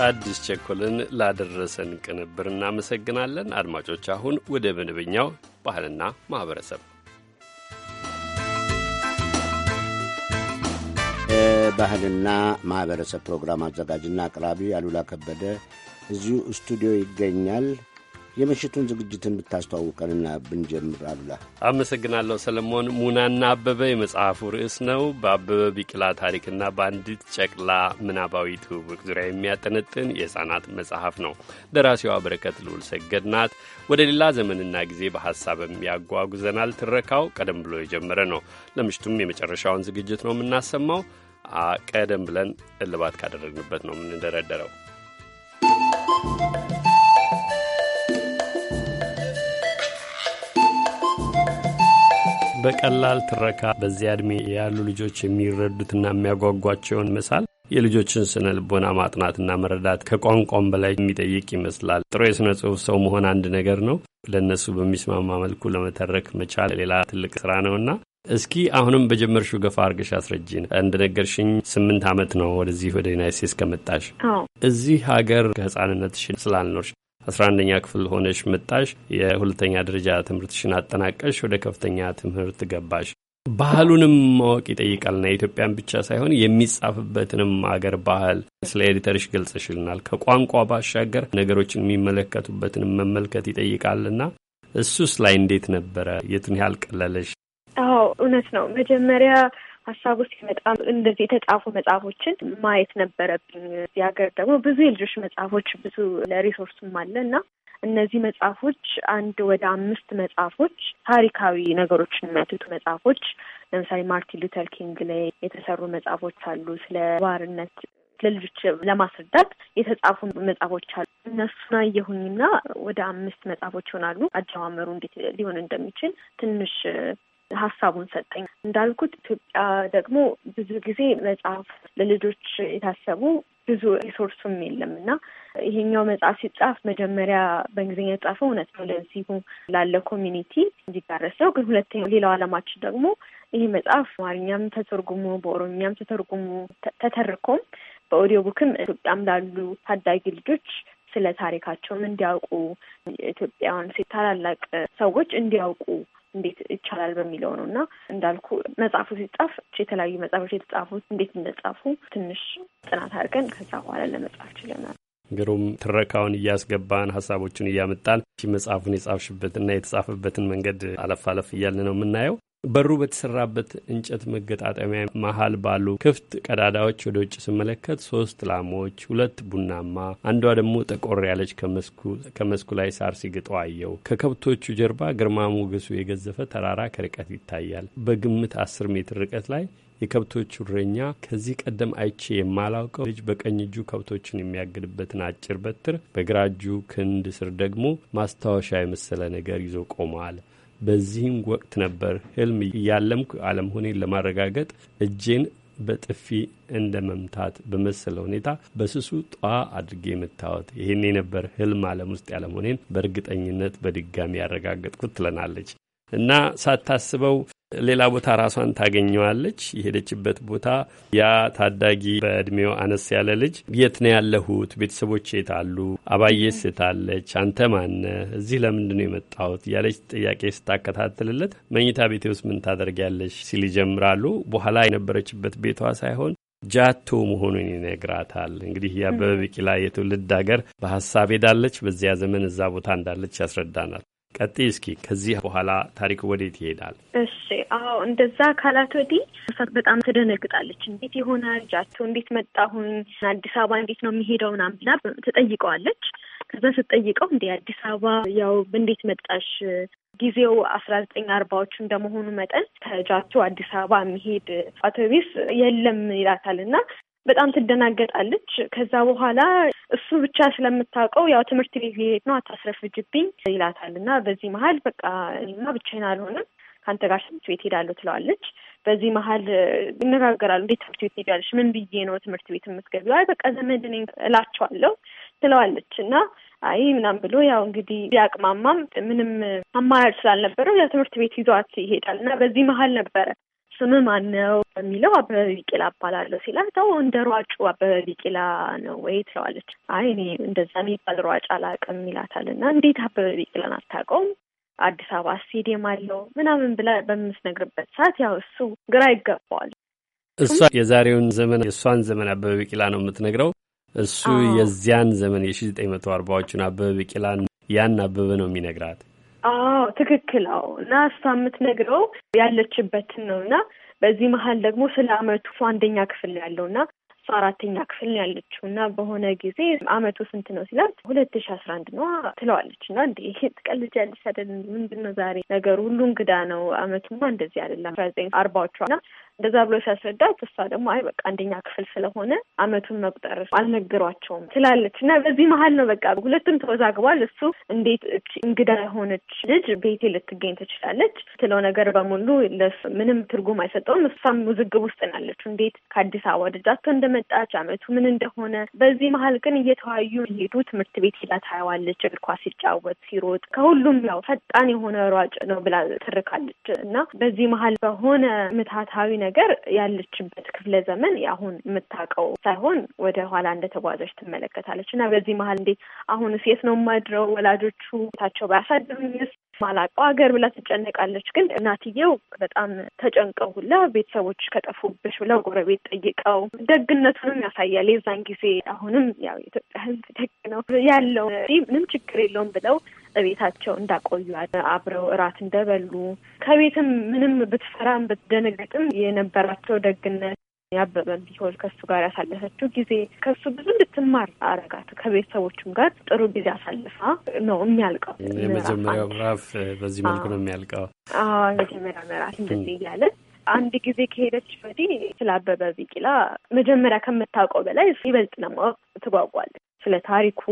አዲስ ቸኮልን ላደረሰን ቅንብር እናመሰግናለን። አድማጮች፣ አሁን ወደ መደበኛው ባህልና ማህበረሰብ የባህልና ማህበረሰብ ፕሮግራም አዘጋጅና አቅራቢ አሉላ ከበደ እዚሁ ስቱዲዮ ይገኛል። የምሽቱን ዝግጅትን ብታስተዋውቀንና ብንጀምር አሉላ። አመሰግናለሁ ሰለሞን። ሙናና አበበ የመጽሐፉ ርዕስ ነው። በአበበ ቢቅላ ታሪክና በአንዲት ጨቅላ ምናባዊ ትውውቅ ዙሪያ የሚያጠነጥን የሕፃናት መጽሐፍ ነው። ደራሲዋ በረከት ልውል ሰገድ ናት። ወደ ሌላ ዘመንና ጊዜ በሀሳብም ያጓጉዘናል። ትረካው ቀደም ብሎ የጀመረ ነው። ለምሽቱም የመጨረሻውን ዝግጅት ነው የምናሰማው። ቀደም ብለን እልባት ካደረግንበት ነው የምንደረደረው። በቀላል ትረካ በዚያ ዕድሜ ያሉ ልጆች የሚረዱትና የሚያጓጓቸውን መሳል የልጆችን ስነ ልቦና ማጥናትና መረዳት ከቋንቋም በላይ የሚጠይቅ ይመስላል። ጥሩ የሥነ ጽሑፍ ሰው መሆን አንድ ነገር ነው። ለእነሱ በሚስማማ መልኩ ለመተረክ መቻል ሌላ ትልቅ ስራ ነውና እስኪ አሁንም በጀመርሹ ገፋ አርገሽ አስረጂን። እንደነገርሽኝ ስምንት ዓመት ነው ወደዚህ ወደ ዩናይት ስቴትስ ከመጣሽ። እዚህ ሀገር ከህፃንነትሽ ስላልኖርሽ አስራ አንደኛ ክፍል ሆነሽ መጣሽ። የሁለተኛ ደረጃ ትምህርትሽን አጠናቀሽ ወደ ከፍተኛ ትምህርት ገባሽ። ባህሉንም ማወቅ ይጠይቃልና የኢትዮጵያን ብቻ ሳይሆን የሚጻፍበትንም አገር ባህል ስለ ኤዲተርሽ ገልጸሽልናል። ከቋንቋ ባሻገር ነገሮችን የሚመለከቱበትንም መመልከት ይጠይቃልና እሱስ ላይ እንዴት ነበረ? የቱን ያህል ቀለለሽ? አዎ እውነት ነው። መጀመሪያ ሀሳቡ ሲመጣ እንደዚህ የተጻፉ መጽሐፎችን ማየት ነበረብኝ። እዚህ ሀገር ደግሞ ብዙ የልጆች መጽሐፎች ብዙ ለሪሶርስም አለ እና እነዚህ መጽሐፎች አንድ ወደ አምስት መጽሐፎች ታሪካዊ ነገሮችን የሚያትቱ መጽሐፎች ለምሳሌ ማርቲን ሉተር ኪንግ ላይ የተሰሩ መጽሐፎች አሉ። ስለ ባርነት ለልጆች ለማስረዳት የተጻፉ መጽሐፎች አሉ። እነሱን አየሁኝና ወደ አምስት መጽሐፎች ይሆናሉ። አጀማመሩ እንዴት ሊሆን እንደሚችል ትንሽ ሀሳቡን ሰጠኝ። እንዳልኩት ኢትዮጵያ ደግሞ ብዙ ጊዜ መጽሐፍ ለልጆች የታሰቡ ብዙ ሪሶርሱም የለም እና ይሄኛው መጽሐፍ ሲጻፍ መጀመሪያ በእንግሊዝኛ የተጻፈው እውነት ነው ለዚሁ ላለ ኮሚኒቲ እንዲዳረስ ነው። ግን ሁለተኛው ሌላው አለማችን ደግሞ ይሄ መጽሐፍ አማርኛም ተተርጉሞ በኦሮምኛም ተተርጉሞ ተተርኮም በኦዲዮ ቡክም ኢትዮጵያም ላሉ ታዳጊ ልጆች ስለ ታሪካቸውም እንዲያውቁ ኢትዮጵያውያን ሴት ታላላቅ ሰዎች እንዲያውቁ እንዴት ይቻላል በሚለው ነው እና እንዳልኩ መጽሐፉ ሲጻፍ የተለያዩ መጽሐፎች የተጻፉት እንዴት እንደጻፉ ትንሽ ጥናት አድርገን ከዛ በኋላ ለመጻፍ ችለናል። ግሩም ትረካውን እያስገባን ሀሳቦቹን እያመጣን መጽሐፉን የጻፍሽበትና የተጻፈበትን መንገድ አለፍ አለፍ እያለ ነው የምናየው። በሩ በተሰራበት እንጨት መገጣጠሚያ መሀል ባሉ ክፍት ቀዳዳዎች ወደ ውጭ ስመለከት ሶስት ላሞች፣ ሁለት ቡናማ፣ አንዷ ደግሞ ጠቆር ያለች ከመስኩ ላይ ሳር ሲግጡ አየው። ከከብቶቹ ጀርባ ግርማ ሞገሱ የገዘፈ ተራራ ከርቀት ይታያል። በግምት አስር ሜትር ርቀት ላይ የከብቶቹ እረኛ ከዚህ ቀደም አይቼ የማላውቀው ልጅ በቀኝ እጁ ከብቶችን የሚያግድበትን አጭር በትር፣ በግራ እጁ ክንድ ስር ደግሞ ማስታወሻ የመሰለ ነገር ይዞ ቆመዋል። በዚህም ወቅት ነበር ህልም እያለምኩ አለመሆኔን ለማረጋገጥ እጄን በጥፊ እንደ መምታት በመሰለ ሁኔታ በስሱ ጧ አድርጌ የምታወት ይህን የነበር ህልም አለም ውስጥ ያለመሆኔን በእርግጠኝነት በድጋሚ ያረጋገጥኩት ትለናለች። እና ሳታስበው ሌላ ቦታ ራሷን ታገኘዋለች። የሄደችበት ቦታ ያ ታዳጊ በእድሜው አነስ ያለ ልጅ የት ነው ያለሁት? ቤተሰቦቼ የታሉ? አባዬስ የታለች? አንተ ማነ? እዚህ ለምንድን ነው የመጣሁት? ያለች ጥያቄ ስታከታትልለት መኝታ ቤቴ ውስጥ ምን ታደርጊያለሽ? ሲል ይጀምራሉ። በኋላ የነበረችበት ቤቷ ሳይሆን ጃቶ መሆኑን ይነግራታል። እንግዲህ የአበበ ቢቂላ የትውልድ ሀገር በሀሳብ ሄዳለች። በዚያ ዘመን እዛ ቦታ እንዳለች ያስረዳናል። ቀጥ እስኪ። ከዚህ በኋላ ታሪክ ወዴት ይሄዳል? እሺ፣ አዎ እንደዛ አካላት ወዲህ በጣም ትደነግጣለች። እንዴት ይሆናል ጃቸው እንዴት መጣሁኝ አዲስ አበባ እንዴት ነው የሚሄደው ምናምን ብላ ትጠይቀዋለች። ከዛ ስትጠይቀው እንዲህ አዲስ አበባ ያው እንዴት መጣሽ? ጊዜው አስራ ዘጠኝ አርባዎቹ እንደመሆኑ መጠን ከጃቸው አዲስ አበባ የሚሄድ አውቶቢስ የለም ይላታል እና በጣም ትደናገጣለች። ከዛ በኋላ እሱ ብቻ ስለምታውቀው ያው ትምህርት ቤት ሊሄድ ነው አታስረፍጅብኝ ይላታል። እና በዚህ መሀል በቃ እኔማ ብቻዬን አልሆንም ከአንተ ጋር ትምህርት ቤት ሄዳለሁ ትለዋለች። በዚህ መሀል ይነጋገራሉ። እንዴት ትምህርት ቤት ሄዳለች? ምን ብዬ ነው ትምህርት ቤት የምትገቢው? አይ በቃ ዘመድ ነኝ እላቸዋለሁ ትለዋለች እና አይ ምናም ብሎ ያው እንግዲህ ቢያቅማማም ምንም አማራጭ ስላልነበረው ያ ትምህርት ቤት ይዟት ይሄዳል እና በዚህ መሀል ነበረ ስም ማን ነው የሚለው አበበ ቢቂላ እባላለሁ ሲላት፣ ተው እንደ ሯጩ አበበ ቢቂላ ነው ወይ ትለዋለች። አይ እኔ እንደዛ የሚባል ሯጭ አላውቅም ይላታል። እና እንዴት አበበ ቢቂላን አታውቀውም? አዲስ አበባ ስቴዲየም አለው ምናምን ብላ በምትነግርበት ሰዓት ያው እሱ ግራ ይገባዋል። እሷ የዛሬውን ዘመን የእሷን ዘመን አበበ ቢቂላ ነው የምትነግረው። እሱ የዚያን ዘመን የሺ ዘጠኝ መቶ አርባዎቹን አበበ ቢቂላን ያን አበበ ነው የሚነግራት። አዎ ትክክል። አዎ እና እሷ የምትነግረው ያለችበትን ነው እና በዚህ መሀል ደግሞ ስለ አመቱ አንደኛ ክፍል ነው ያለው እና እሷ አራተኛ ክፍል ነው ያለችው እና በሆነ ጊዜ አመቱ ስንት ነው ሲላት ሁለት ሺ አስራ አንድ ነው ትለዋለች እና እንደ ይሄ ትቀልጃለሽ አይደል ምንድን ነው ዛሬ ነገሩ ሁሉ እንግዳ ነው አመቱማ እንደዚህ አይደለም አስራ ዘጠኝ አርባዎቿ እና እንደዛ ብሎ ሲያስረዳ እሷ ደግሞ አይ በቃ አንደኛ ክፍል ስለሆነ አመቱን መቁጠር አልነግሯቸውም ትላለች እና በዚህ መሀል ነው በቃ ሁለቱም ተወዛግቧል። እሱ እንዴት እንግዳ የሆነች ልጅ ቤቴ ልትገኝ ትችላለች ትለው ነገር በሙሉ ምንም ትርጉም አይሰጠውም። እሷም ውዝግብ ውስጥ ናለች። እንዴት ከአዲስ አበባ ደጃቶ እንደመጣች አመቱ ምን እንደሆነ። በዚህ መሀል ግን እየተወያዩ ሄዱ። ትምህርት ቤት ሄዳ ታየዋለች። እግር ኳስ ሲጫወት ሲሮጥ፣ ከሁሉም ያው ፈጣን የሆነ ሯጭ ነው ብላ ትርካለች እና በዚህ መሀል በሆነ ምታታዊ ነገር ነገር ያለችበት ክፍለ ዘመን አሁን የምታውቀው ሳይሆን ወደ ኋላ እንደተጓዘች ትመለከታለች እና በዚህ መሀል እንዴ አሁን ሴት ነው የማድረው? ወላጆቹ ታቸው ባያሳድሩኝስ ማላቀው ሀገር ብላ ትጨነቃለች። ግን እናትየው በጣም ተጨንቀው ሁላ ቤተሰቦች ከጠፉብሽ ብለው ጎረቤት ጠይቀው ደግነቱንም ያሳያል። የዛን ጊዜ አሁንም ያው የኢትዮጵያ ሕዝብ ደግ ነው ያለው ምንም ችግር የለውም ብለው ቤታቸው እንዳቆዩ አብረው እራት እንደበሉ ከቤትም ምንም ብትፈራም ብትደነግጥም የነበራቸው ደግነት ያበበን ቢሆን ከሱ ጋር ያሳለፈችው ጊዜ ከሱ ብዙ እንድትማር አረጋት። ከቤተሰቦችም ጋር ጥሩ ጊዜ አሳልፋ ነው የሚያልቀው። የመጀመሪያው ምዕራፍ በዚህ መልኩ ነው የሚያልቀው። የመጀመሪያ ምዕራፍ እንደዚህ እያለ አንድ ጊዜ ከሄደች ወዲህ ስለ አበበ ቢቂላ መጀመሪያ ከምታውቀው በላይ ይበልጥ ለማወቅ ትጓጓለች። ስለ ታሪኩ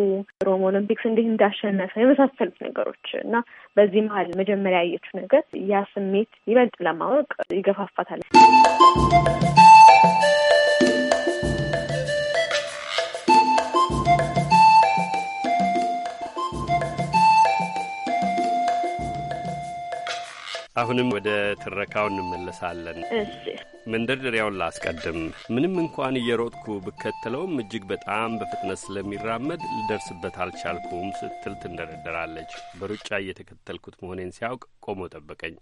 ሮም ኦሎምፒክስ እንዴት እንዳሸነፈ የመሳሰሉት ነገሮች እና በዚህ መሀል መጀመሪያ ያየችው ነገር ያ ስሜት ይበልጥ ለማወቅ ይገፋፋታል። አሁንም ወደ ትረካው እንመለሳለን። መንደርደሪያውን ላስቀድም። ምንም እንኳን እየሮጥኩ ብከተለውም እጅግ በጣም በፍጥነት ስለሚራመድ ልደርስበት አልቻልኩም ስትል ትንደረደራለች። በሩጫ እየተከተልኩት መሆኔን ሲያውቅ ቆሞ ጠበቀኝ።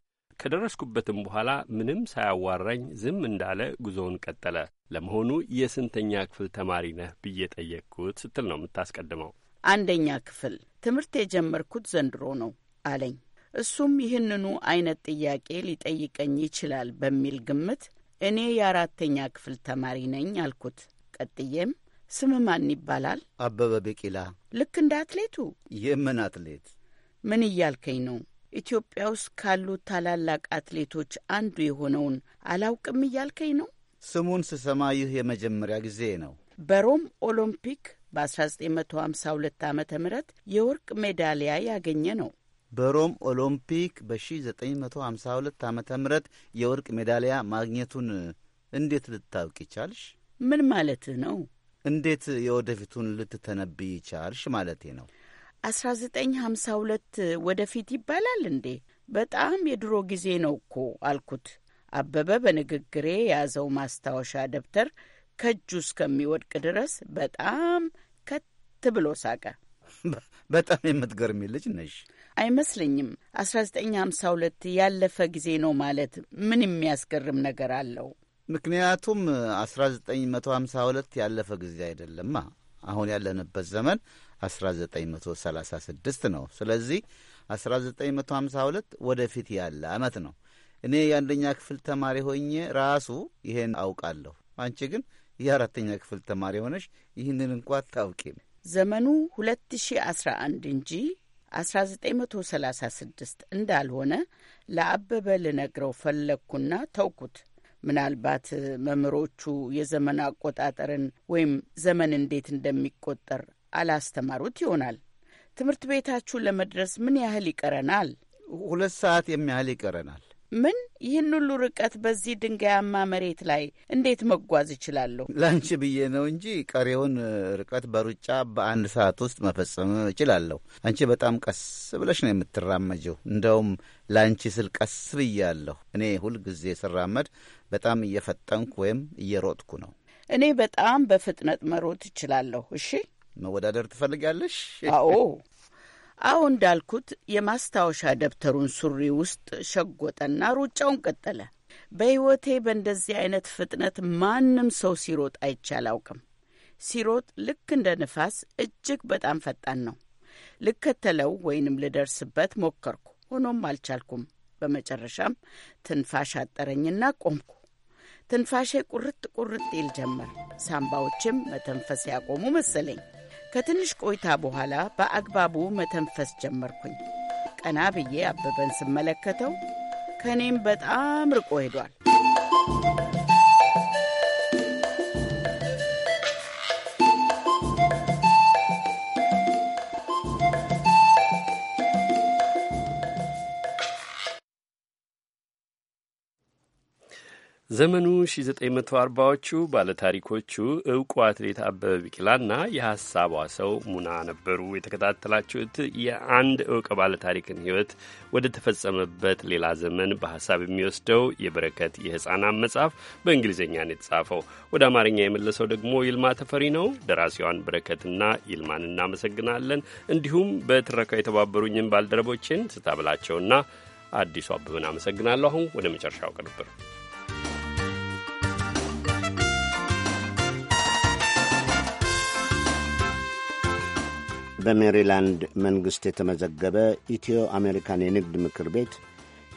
ከደረስኩበትም በኋላ ምንም ሳያዋራኝ ዝም እንዳለ ጉዞውን ቀጠለ። ለመሆኑ የስንተኛ ክፍል ተማሪ ነህ ብዬ ጠየቅኩት ስትል ነው የምታስቀድመው። አንደኛ ክፍል ትምህርት የጀመርኩት ዘንድሮ ነው አለኝ። እሱም ይህንኑ አይነት ጥያቄ ሊጠይቀኝ ይችላል በሚል ግምት እኔ የአራተኛ ክፍል ተማሪ ነኝ አልኩት። ቀጥዬም ስም ማን ይባላል? አበበ ቢቂላ። ልክ እንደ አትሌቱ? ይህ ምን አትሌት? ምን እያልከኝ ነው? ኢትዮጵያ ውስጥ ካሉ ታላላቅ አትሌቶች አንዱ የሆነውን አላውቅም እያልከኝ ነው? ስሙን ስሰማ ይህ የመጀመሪያ ጊዜ ነው። በሮም ኦሎምፒክ በ1952 ዓ ም የወርቅ ሜዳሊያ ያገኘ ነው። በሮም ኦሎምፒክ በ1952 ዓ ም የወርቅ ሜዳሊያ ማግኘቱን እንዴት ልታውቅ ይቻልሽ? ምን ማለት ነው? እንዴት የወደፊቱን ልትተነብይ ቻልሽ ማለቴ ነው። 1952 ወደፊት ይባላል እንዴ? በጣም የድሮ ጊዜ ነው እኮ አልኩት። አበበ በንግግሬ የያዘው ማስታወሻ ደብተር ከእጁ እስከሚወድቅ ድረስ በጣም ከት ብሎ ሳቀ። በጣም የምትገርሚ ልጅ ነሽ አይመስለኝም። 1952 ያለፈ ጊዜ ነው ማለት ምን የሚያስገርም ነገር አለው? ምክንያቱም 1952 ያለፈ ጊዜ አይደለማ። አሁን ያለንበት ዘመን 1936 ነው። ስለዚህ 1952 ወደፊት ያለ አመት ነው። እኔ የአንደኛ ክፍል ተማሪ ሆኜ ራሱ ይሄን አውቃለሁ። አንቺ ግን የአራተኛ ክፍል ተማሪ ሆነሽ ይህንን እንኳ አታውቂም። ዘመኑ 2011 እንጂ 1936 እንዳልሆነ ለአበበ ልነግረው ፈለግኩና ተውኩት። ምናልባት መምህሮቹ የዘመን አቆጣጠርን ወይም ዘመን እንዴት እንደሚቆጠር አላስተማሩት ይሆናል። ትምህርት ቤታችሁ ለመድረስ ምን ያህል ይቀረናል? ሁለት ሰዓት የሚያህል ይቀረናል። ምን ይህን ሁሉ ርቀት በዚህ ድንጋያማ መሬት ላይ እንዴት መጓዝ እችላለሁ? ላንቺ ብዬ ነው እንጂ ቀሪውን ርቀት በሩጫ በአንድ ሰዓት ውስጥ መፈጸም እችላለሁ። አንቺ በጣም ቀስ ብለሽ ነው የምትራመጀው። እንደውም ላንቺ ስል ቀስ ብያለሁ። እኔ ሁልጊዜ ስራመድ በጣም እየፈጠንኩ ወይም እየሮጥኩ ነው። እኔ በጣም በፍጥነት መሮጥ እችላለሁ። እሺ መወዳደር ትፈልጋለሽ? አዎ አዎ እንዳልኩት የማስታወሻ ደብተሩን ሱሪ ውስጥ ሸጎጠና ሩጫውን ቀጠለ። በሕይወቴ በእንደዚህ አይነት ፍጥነት ማንም ሰው ሲሮጥ አይቼ አላውቅም። ሲሮጥ ልክ እንደ ንፋስ እጅግ በጣም ፈጣን ነው። ልከተለው ወይንም ልደርስበት ሞከርኩ፣ ሆኖም አልቻልኩም። በመጨረሻም ትንፋሽ አጠረኝና ቆምኩ። ትንፋሼ ቁርጥ ቁርጥ ይል ጀመር። ሳምባዎችም መተንፈስ ያቆሙ መሰለኝ። ከትንሽ ቆይታ በኋላ በአግባቡ መተንፈስ ጀመርኩኝ። ቀና ብዬ አበበን ስመለከተው ከእኔም በጣም ርቆ ሄዷል። ዘመኑ 1940ዎቹ ባለታሪኮቹ እውቁ አትሌት አበበ ቢቂላና የሀሳቧ ሰው ሙና ነበሩ። የተከታተላችሁት የአንድ እውቅ ባለታሪክን ሕይወት ወደ ተፈጸመበት ሌላ ዘመን በሀሳብ የሚወስደው የበረከት የሕፃናት መጽሐፍ በእንግሊዝኛ ነው የተጻፈው። ወደ አማርኛ የመለሰው ደግሞ ይልማ ተፈሪ ነው። ደራሲዋን በረከትና ይልማን እናመሰግናለን። እንዲሁም በትረካ የተባበሩኝን ባልደረቦችን ስታብላቸውና አዲሱ አበበን አመሰግናለሁ። አሁን ወደ መጨረሻው ቅንብር በሜሪላንድ መንግሥት የተመዘገበ ኢትዮ አሜሪካን የንግድ ምክር ቤት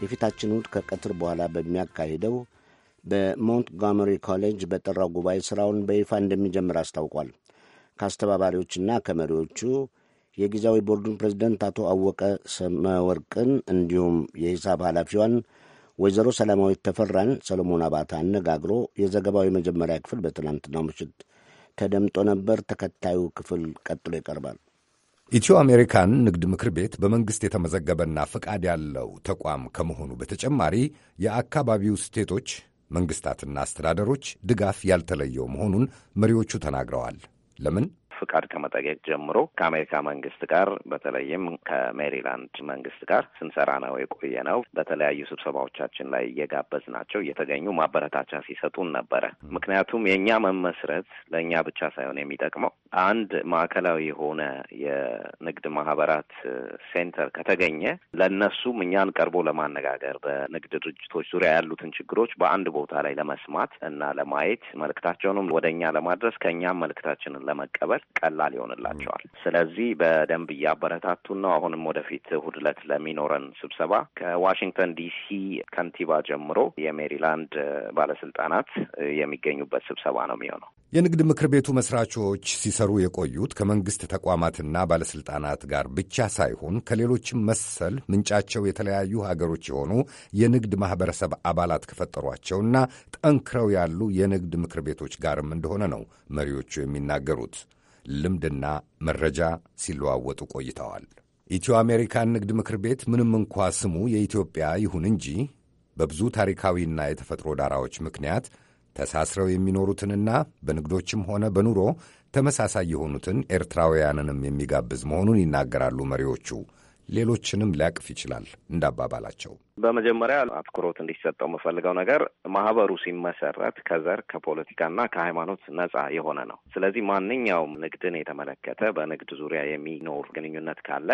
የፊታችን እሁድ ከቀትር በኋላ በሚያካሂደው በሞንትጎመሪ ኮሌጅ በጠራው ጉባኤ ሥራውን በይፋ እንደሚጀምር አስታውቋል። ከአስተባባሪዎችና ከመሪዎቹ የጊዜያዊ ቦርዱን ፕሬዝደንት አቶ አወቀ ሰመወርቅን እንዲሁም የሂሳብ ኃላፊዋን ወይዘሮ ሰላማዊት ተፈራን ሰሎሞን አባተ አነጋግሮ የዘገባው የመጀመሪያ ክፍል በትናንትናው ምሽት ተደምጦ ነበር። ተከታዩ ክፍል ቀጥሎ ይቀርባል። ኢትዮ አሜሪካን ንግድ ምክር ቤት በመንግሥት የተመዘገበና ፈቃድ ያለው ተቋም ከመሆኑ በተጨማሪ የአካባቢው ስቴቶች መንግሥታትና አስተዳደሮች ድጋፍ ያልተለየው መሆኑን መሪዎቹ ተናግረዋል። ለምን ፍቃድ ከመጠየቅ ጀምሮ ከአሜሪካ መንግስት ጋር በተለይም ከሜሪላንድ መንግስት ጋር ስንሰራ ነው የቆየ ነው። በተለያዩ ስብሰባዎቻችን ላይ እየጋበዝ ናቸው እየተገኙ ማበረታቻ ሲሰጡን ነበረ። ምክንያቱም የእኛ መመስረት ለእኛ ብቻ ሳይሆን የሚጠቅመው አንድ ማዕከላዊ የሆነ የንግድ ማህበራት ሴንተር ከተገኘ ለእነሱም እኛን ቀርቦ ለማነጋገር በንግድ ድርጅቶች ዙሪያ ያሉትን ችግሮች በአንድ ቦታ ላይ ለመስማት እና ለማየት መልእክታቸውንም ወደ እኛ ለማድረስ ከእኛም መልእክታችንን ለመቀበል ቀላል ይሆንላቸዋል። ስለዚህ በደንብ እያበረታቱን ነው። አሁንም ወደፊት እሑድ ዕለት ለሚኖረን ስብሰባ ከዋሽንግተን ዲሲ ከንቲባ ጀምሮ የሜሪላንድ ባለስልጣናት የሚገኙበት ስብሰባ ነው የሚሆነው። የንግድ ምክር ቤቱ መስራቾች ሲሰሩ የቆዩት ከመንግስት ተቋማትና ባለስልጣናት ጋር ብቻ ሳይሆን ከሌሎችም መሰል ምንጫቸው የተለያዩ ሀገሮች የሆኑ የንግድ ማህበረሰብ አባላት ከፈጠሯቸውና ጠንክረው ያሉ የንግድ ምክር ቤቶች ጋርም እንደሆነ ነው መሪዎቹ የሚናገሩት። ልምድና መረጃ ሲለዋወጡ ቆይተዋል። ኢትዮ አሜሪካን ንግድ ምክር ቤት ምንም እንኳ ስሙ የኢትዮጵያ ይሁን እንጂ በብዙ ታሪካዊና የተፈጥሮ ዳራዎች ምክንያት ተሳስረው የሚኖሩትንና በንግዶችም ሆነ በኑሮ ተመሳሳይ የሆኑትን ኤርትራውያንንም የሚጋብዝ መሆኑን ይናገራሉ መሪዎቹ። ሌሎችንም ሊያቅፍ ይችላል እንዳባባላቸው በመጀመሪያ አትኩሮት እንዲሰጠው የምፈልገው ነገር ማህበሩ ሲመሰረት ከዘር ከፖለቲካና ከሃይማኖት ነጻ የሆነ ነው። ስለዚህ ማንኛውም ንግድን የተመለከተ በንግድ ዙሪያ የሚኖር ግንኙነት ካለ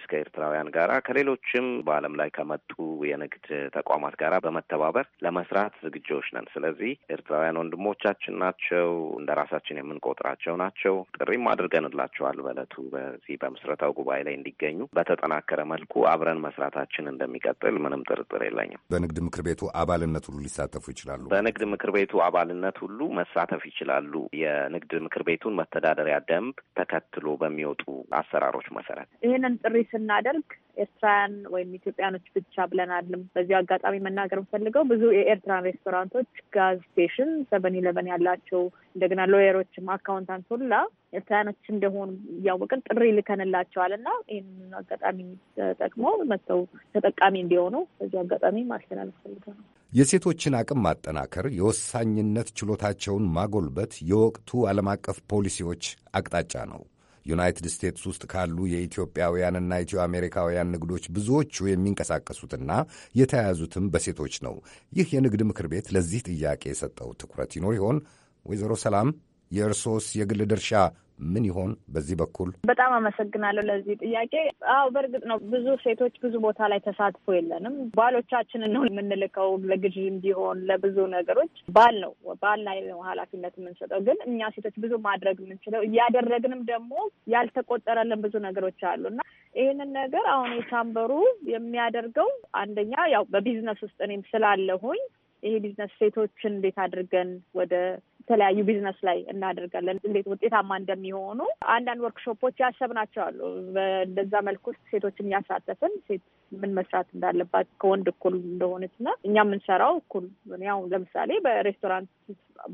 እስከ ኤርትራውያን ጋራ ከሌሎችም በዓለም ላይ ከመጡ የንግድ ተቋማት ጋራ በመተባበር ለመስራት ዝግጆች ነን። ስለዚህ ኤርትራውያን ወንድሞቻችን ናቸው፣ እንደ ራሳችን የምንቆጥራቸው ናቸው። ጥሪም አድርገንላቸዋል በዕለቱ በዚህ በምስረታው ጉባኤ ላይ እንዲገኙ በተጠናከረ መልኩ አብረን መስራታችን እንደሚቀጥል ምንም ጥርጥር የለኝም። በንግድ ምክር ቤቱ አባልነት ሁሉ ሊሳተፉ ይችላሉ። በንግድ ምክር ቤቱ አባልነት ሁሉ መሳተፍ ይችላሉ። የንግድ ምክር ቤቱን መተዳደሪያ ደንብ ተከትሎ በሚወጡ አሰራሮች መሰረት ይህንን ጥሪ ስናደርግ ኤርትራውያን ወይም ኢትዮጵያኖች ብቻ ብለን አይደለም። በዚሁ አጋጣሚ መናገር የምፈልገው ብዙ የኤርትራን ሬስቶራንቶች፣ ጋዝ ስቴሽን፣ ሰቨን ኢለቨን ያላቸው እንደገና ሎየሮችም አካውንታንት ሁላ ኤርትራኖች እንደሆኑ እያወቅን ጥሪ ልከንላቸዋል እና ይህንን አጋጣሚ ተጠቅሞ መጥተው ተጠቃሚ እንዲሆኑ በዚህ አጋጣሚ ማስተላለፍ ፈልገው ነው። የሴቶችን አቅም ማጠናከር፣ የወሳኝነት ችሎታቸውን ማጎልበት የወቅቱ ዓለም አቀፍ ፖሊሲዎች አቅጣጫ ነው። ዩናይትድ ስቴትስ ውስጥ ካሉ የኢትዮጵያውያንና ኢትዮ አሜሪካውያን ንግዶች ብዙዎቹ የሚንቀሳቀሱትና የተያያዙትም በሴቶች ነው። ይህ የንግድ ምክር ቤት ለዚህ ጥያቄ የሰጠው ትኩረት ይኖር ይሆን? ወይዘሮ ሰላም የእርሶስ የግል ድርሻ ምን ይሆን በዚህ በኩል? በጣም አመሰግናለሁ ለዚህ ጥያቄ። አዎ በእርግጥ ነው ብዙ ሴቶች ብዙ ቦታ ላይ ተሳትፎ የለንም። ባሎቻችንን ነው የምንልከው ለግዥም ቢሆን ለብዙ ነገሮች ባል ነው ባል ላይ ነው ኃላፊነት የምንሰጠው። ግን እኛ ሴቶች ብዙ ማድረግ የምንችለው እያደረግንም ደግሞ ያልተቆጠረልን ብዙ ነገሮች አሉ እና ይህንን ነገር አሁን የቻምበሩ የሚያደርገው አንደኛ ያው በቢዝነስ ውስጥ እኔም ስላለሁኝ ይሄ ቢዝነስ ሴቶችን እንዴት አድርገን ወደ የተለያዩ ቢዝነስ ላይ እናደርጋለን። እንዴት ውጤታማ እንደሚሆኑ አንዳንድ ወርክሾፖች ያሰብናቸው አሉ። በእንደዛ መልኩ ሴቶችን እያሳተፍን ሴት ምን መስራት እንዳለባት ከወንድ እኩል እንደሆነች እና እኛ የምንሰራው እኩል ያው ለምሳሌ በሬስቶራንት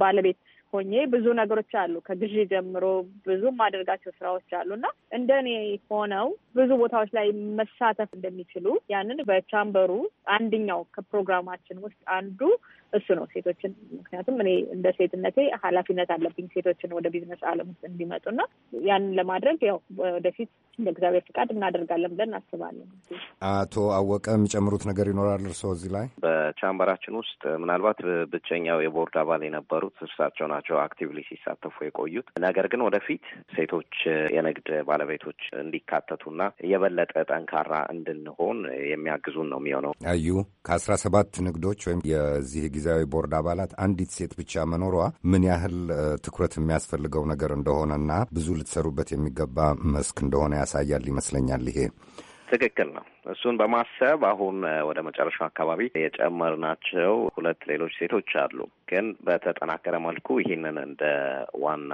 ባለቤት ሆኜ ብዙ ነገሮች አሉ። ከግዢ ጀምሮ ብዙ የማደርጋቸው ስራዎች አሉ እና እንደኔ ሆነው ብዙ ቦታዎች ላይ መሳተፍ እንደሚችሉ ያንን በቻምበሩ አንድኛው ከፕሮግራማችን ውስጥ አንዱ እሱ ነው። ሴቶችን ምክንያቱም እኔ እንደ ሴትነቴ ኃላፊነት አለብኝ ሴቶችን ወደ ቢዝነስ ዓለም ውስጥ እና ያንን ለማድረግ ያው ወደፊት እንደ እግዚአብሔር ፍቃድ እናደርጋለን ብለን አስባለን። አቶ አወቀ የሚጨምሩት ነገር ይኖራል እርስዎ እዚህ ላይ? በቻምበራችን ውስጥ ምናልባት ብቸኛው የቦርድ አባል የነበሩት እርሳቸው ናቸው ናቸው አክቲቭሊ ሲሳተፉ የቆዩት። ነገር ግን ወደፊት ሴቶች የንግድ ባለቤቶች እንዲካተቱና የበለጠ ጠንካራ እንድንሆን የሚያግዙን ነው የሚሆነው። አዩ ከአስራ ሰባት ንግዶች ወይም የዚህ ጊዜያዊ ቦርድ አባላት አንዲት ሴት ብቻ መኖሯ ምን ያህል ትኩረት የሚያስፈልገው ነገር እንደሆነና ብዙ ልትሰሩበት የሚገባ መስክ እንደሆነ ያሳያል ይመስለኛል ይሄ ትክክል ነው። እሱን በማሰብ አሁን ወደ መጨረሻው አካባቢ የጨመርናቸው ሁለት ሌሎች ሴቶች አሉ። ግን በተጠናከረ መልኩ ይህንን እንደ ዋና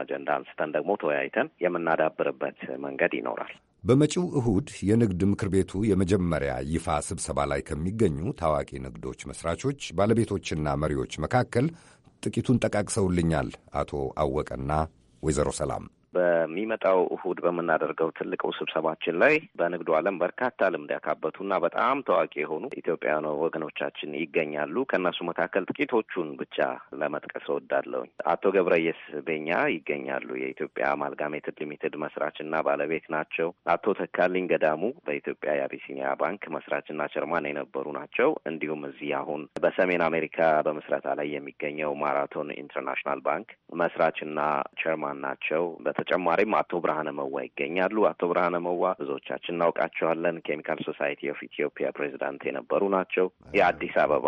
አጀንዳ አንስተን ደግሞ ተወያይተን የምናዳብርበት መንገድ ይኖራል። በመጪው እሁድ የንግድ ምክር ቤቱ የመጀመሪያ ይፋ ስብሰባ ላይ ከሚገኙ ታዋቂ ንግዶች መስራቾች፣ ባለቤቶችና መሪዎች መካከል ጥቂቱን ጠቃቅሰውልኛል አቶ አወቀና ወይዘሮ ሰላም። በሚመጣው እሁድ በምናደርገው ትልቅ ስብሰባችን ላይ በንግዱ ዓለም በርካታ ልምድ ያካበቱና በጣም ታዋቂ የሆኑ ኢትዮጵያውያን ወገኖቻችን ይገኛሉ። ከእነሱ መካከል ጥቂቶቹን ብቻ ለመጥቀስ እወዳለሁኝ። አቶ ገብረየስ ቤኛ ይገኛሉ። የኢትዮጵያ አማልጋሜትድ ሊሚትድ መስራችና ባለቤት ናቸው። አቶ ተካልኝ ገዳሙ በኢትዮጵያ የአቢሲኒያ ባንክ መስራችና ቸርማን የነበሩ ናቸው። እንዲሁም እዚህ አሁን በሰሜን አሜሪካ በምስረታ ላይ የሚገኘው ማራቶን ኢንተርናሽናል ባንክ መስራችና ቸርማን ናቸው። በተጨማሪም አቶ ብርሃነ መዋ ይገኛሉ። አቶ ብርሃነ መዋ ብዙዎቻችን እናውቃቸዋለን። ኬሚካል ሶሳይቲ ኦፍ ኢትዮጵያ ፕሬዚዳንት የነበሩ ናቸው። የአዲስ አበባ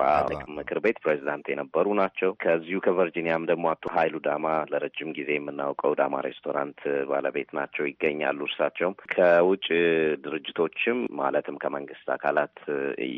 ምክር ቤት ፕሬዚዳንት የነበሩ ናቸው። ከዚሁ ከቨርጂኒያም ደግሞ አቶ ሀይሉ ዳማ ለረጅም ጊዜ የምናውቀው ዳማ ሬስቶራንት ባለቤት ናቸው ይገኛሉ። እርሳቸውም ከውጭ ድርጅቶችም ማለትም ከመንግስት አካላት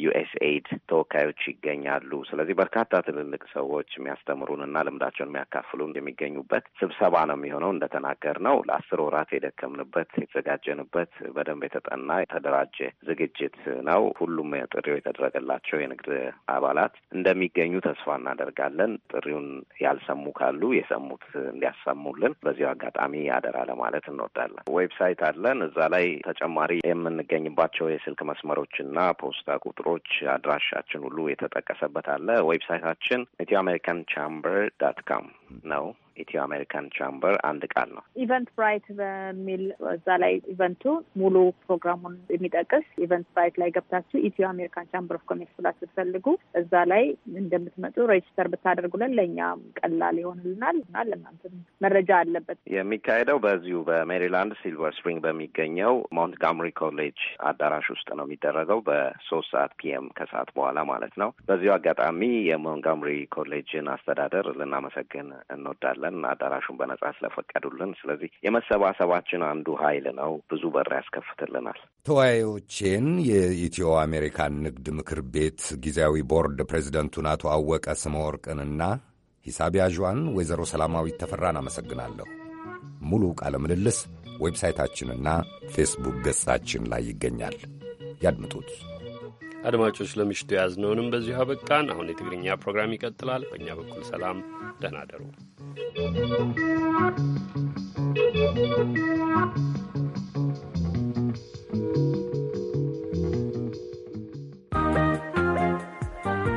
ዩኤስኤድ ተወካዮች ይገኛሉ። ስለዚህ በርካታ ትልልቅ ሰዎች የሚያስተምሩን እና ልምዳቸውን የሚያካፍሉን የሚገኙበት ስብሰባ ነው የሚሆነው እንደተናገር ነው። ነው። ለአስር ወራት የደከምንበት የተዘጋጀንበት በደንብ የተጠና የተደራጀ ዝግጅት ነው። ሁሉም ጥሪው የተደረገላቸው የንግድ አባላት እንደሚገኙ ተስፋ እናደርጋለን። ጥሪውን ያልሰሙ ካሉ የሰሙት እንዲያሰሙልን በዚሁ አጋጣሚ ያደራ ለማለት እንወዳለን። ዌብሳይት አለን። እዛ ላይ ተጨማሪ የምንገኝባቸው የስልክ መስመሮችና ፖስታ ቁጥሮች፣ አድራሻችን ሁሉ የተጠቀሰበት አለ። ዌብሳይታችን ኢትዮ አሜሪካን ቻምበር ዳት ካም ነው። ኢትዮ አሜሪካን ቻምበር አንድ ቃል ነው። ኢቨንት ብራይት በሚል እዛ ላይ ኢቨንቱ ሙሉ ፕሮግራሙን የሚጠቅስ ኢቨንት ብራይት ላይ ገብታችሁ ኢትዮ አሜሪካን ቻምበር ኦፍ ኮሜርስ ብላ ስትፈልጉ እዛ ላይ እንደምትመጡ ሬጅስተር ብታደርጉልን ለእኛ ቀላል ይሆንልናል እና ለእናንተም መረጃ አለበት። የሚካሄደው በዚሁ በሜሪላንድ ሲልቨር ስፕሪንግ በሚገኘው ሞንትጋምሪ ኮሌጅ አዳራሽ ውስጥ ነው የሚደረገው በሶስት ሰዓት ፒኤም ከሰዓት በኋላ ማለት ነው። በዚሁ አጋጣሚ የሞንትጋምሪ ኮሌጅን አስተዳደር ልናመሰግን እንወዳለን። ስለፈቀዱልን፣ አዳራሹን በነጻ ስለፈቀዱልን፣ ስለዚህ የመሰባሰባችን አንዱ ኃይል ነው። ብዙ በር ያስከፍትልናል። ተወያዮቼን የኢትዮ አሜሪካን ንግድ ምክር ቤት ጊዜያዊ ቦርድ ፕሬዚደንቱን አቶ አወቀ ስመወርቅንና ሂሳብ ያዥዋን ወይዘሮ ሰላማዊት ተፈራን አመሰግናለሁ። ሙሉ ቃለ ምልልስ ዌብሳይታችንና ፌስቡክ ገጻችን ላይ ይገኛል። ያድምጡት። አድማጮች ለምሽቱ የያዝነውንም በዚሁ አበቃን። አሁን የትግርኛ ፕሮግራም ይቀጥላል። በእኛ በኩል ሰላም፣ ደህና ደሩ።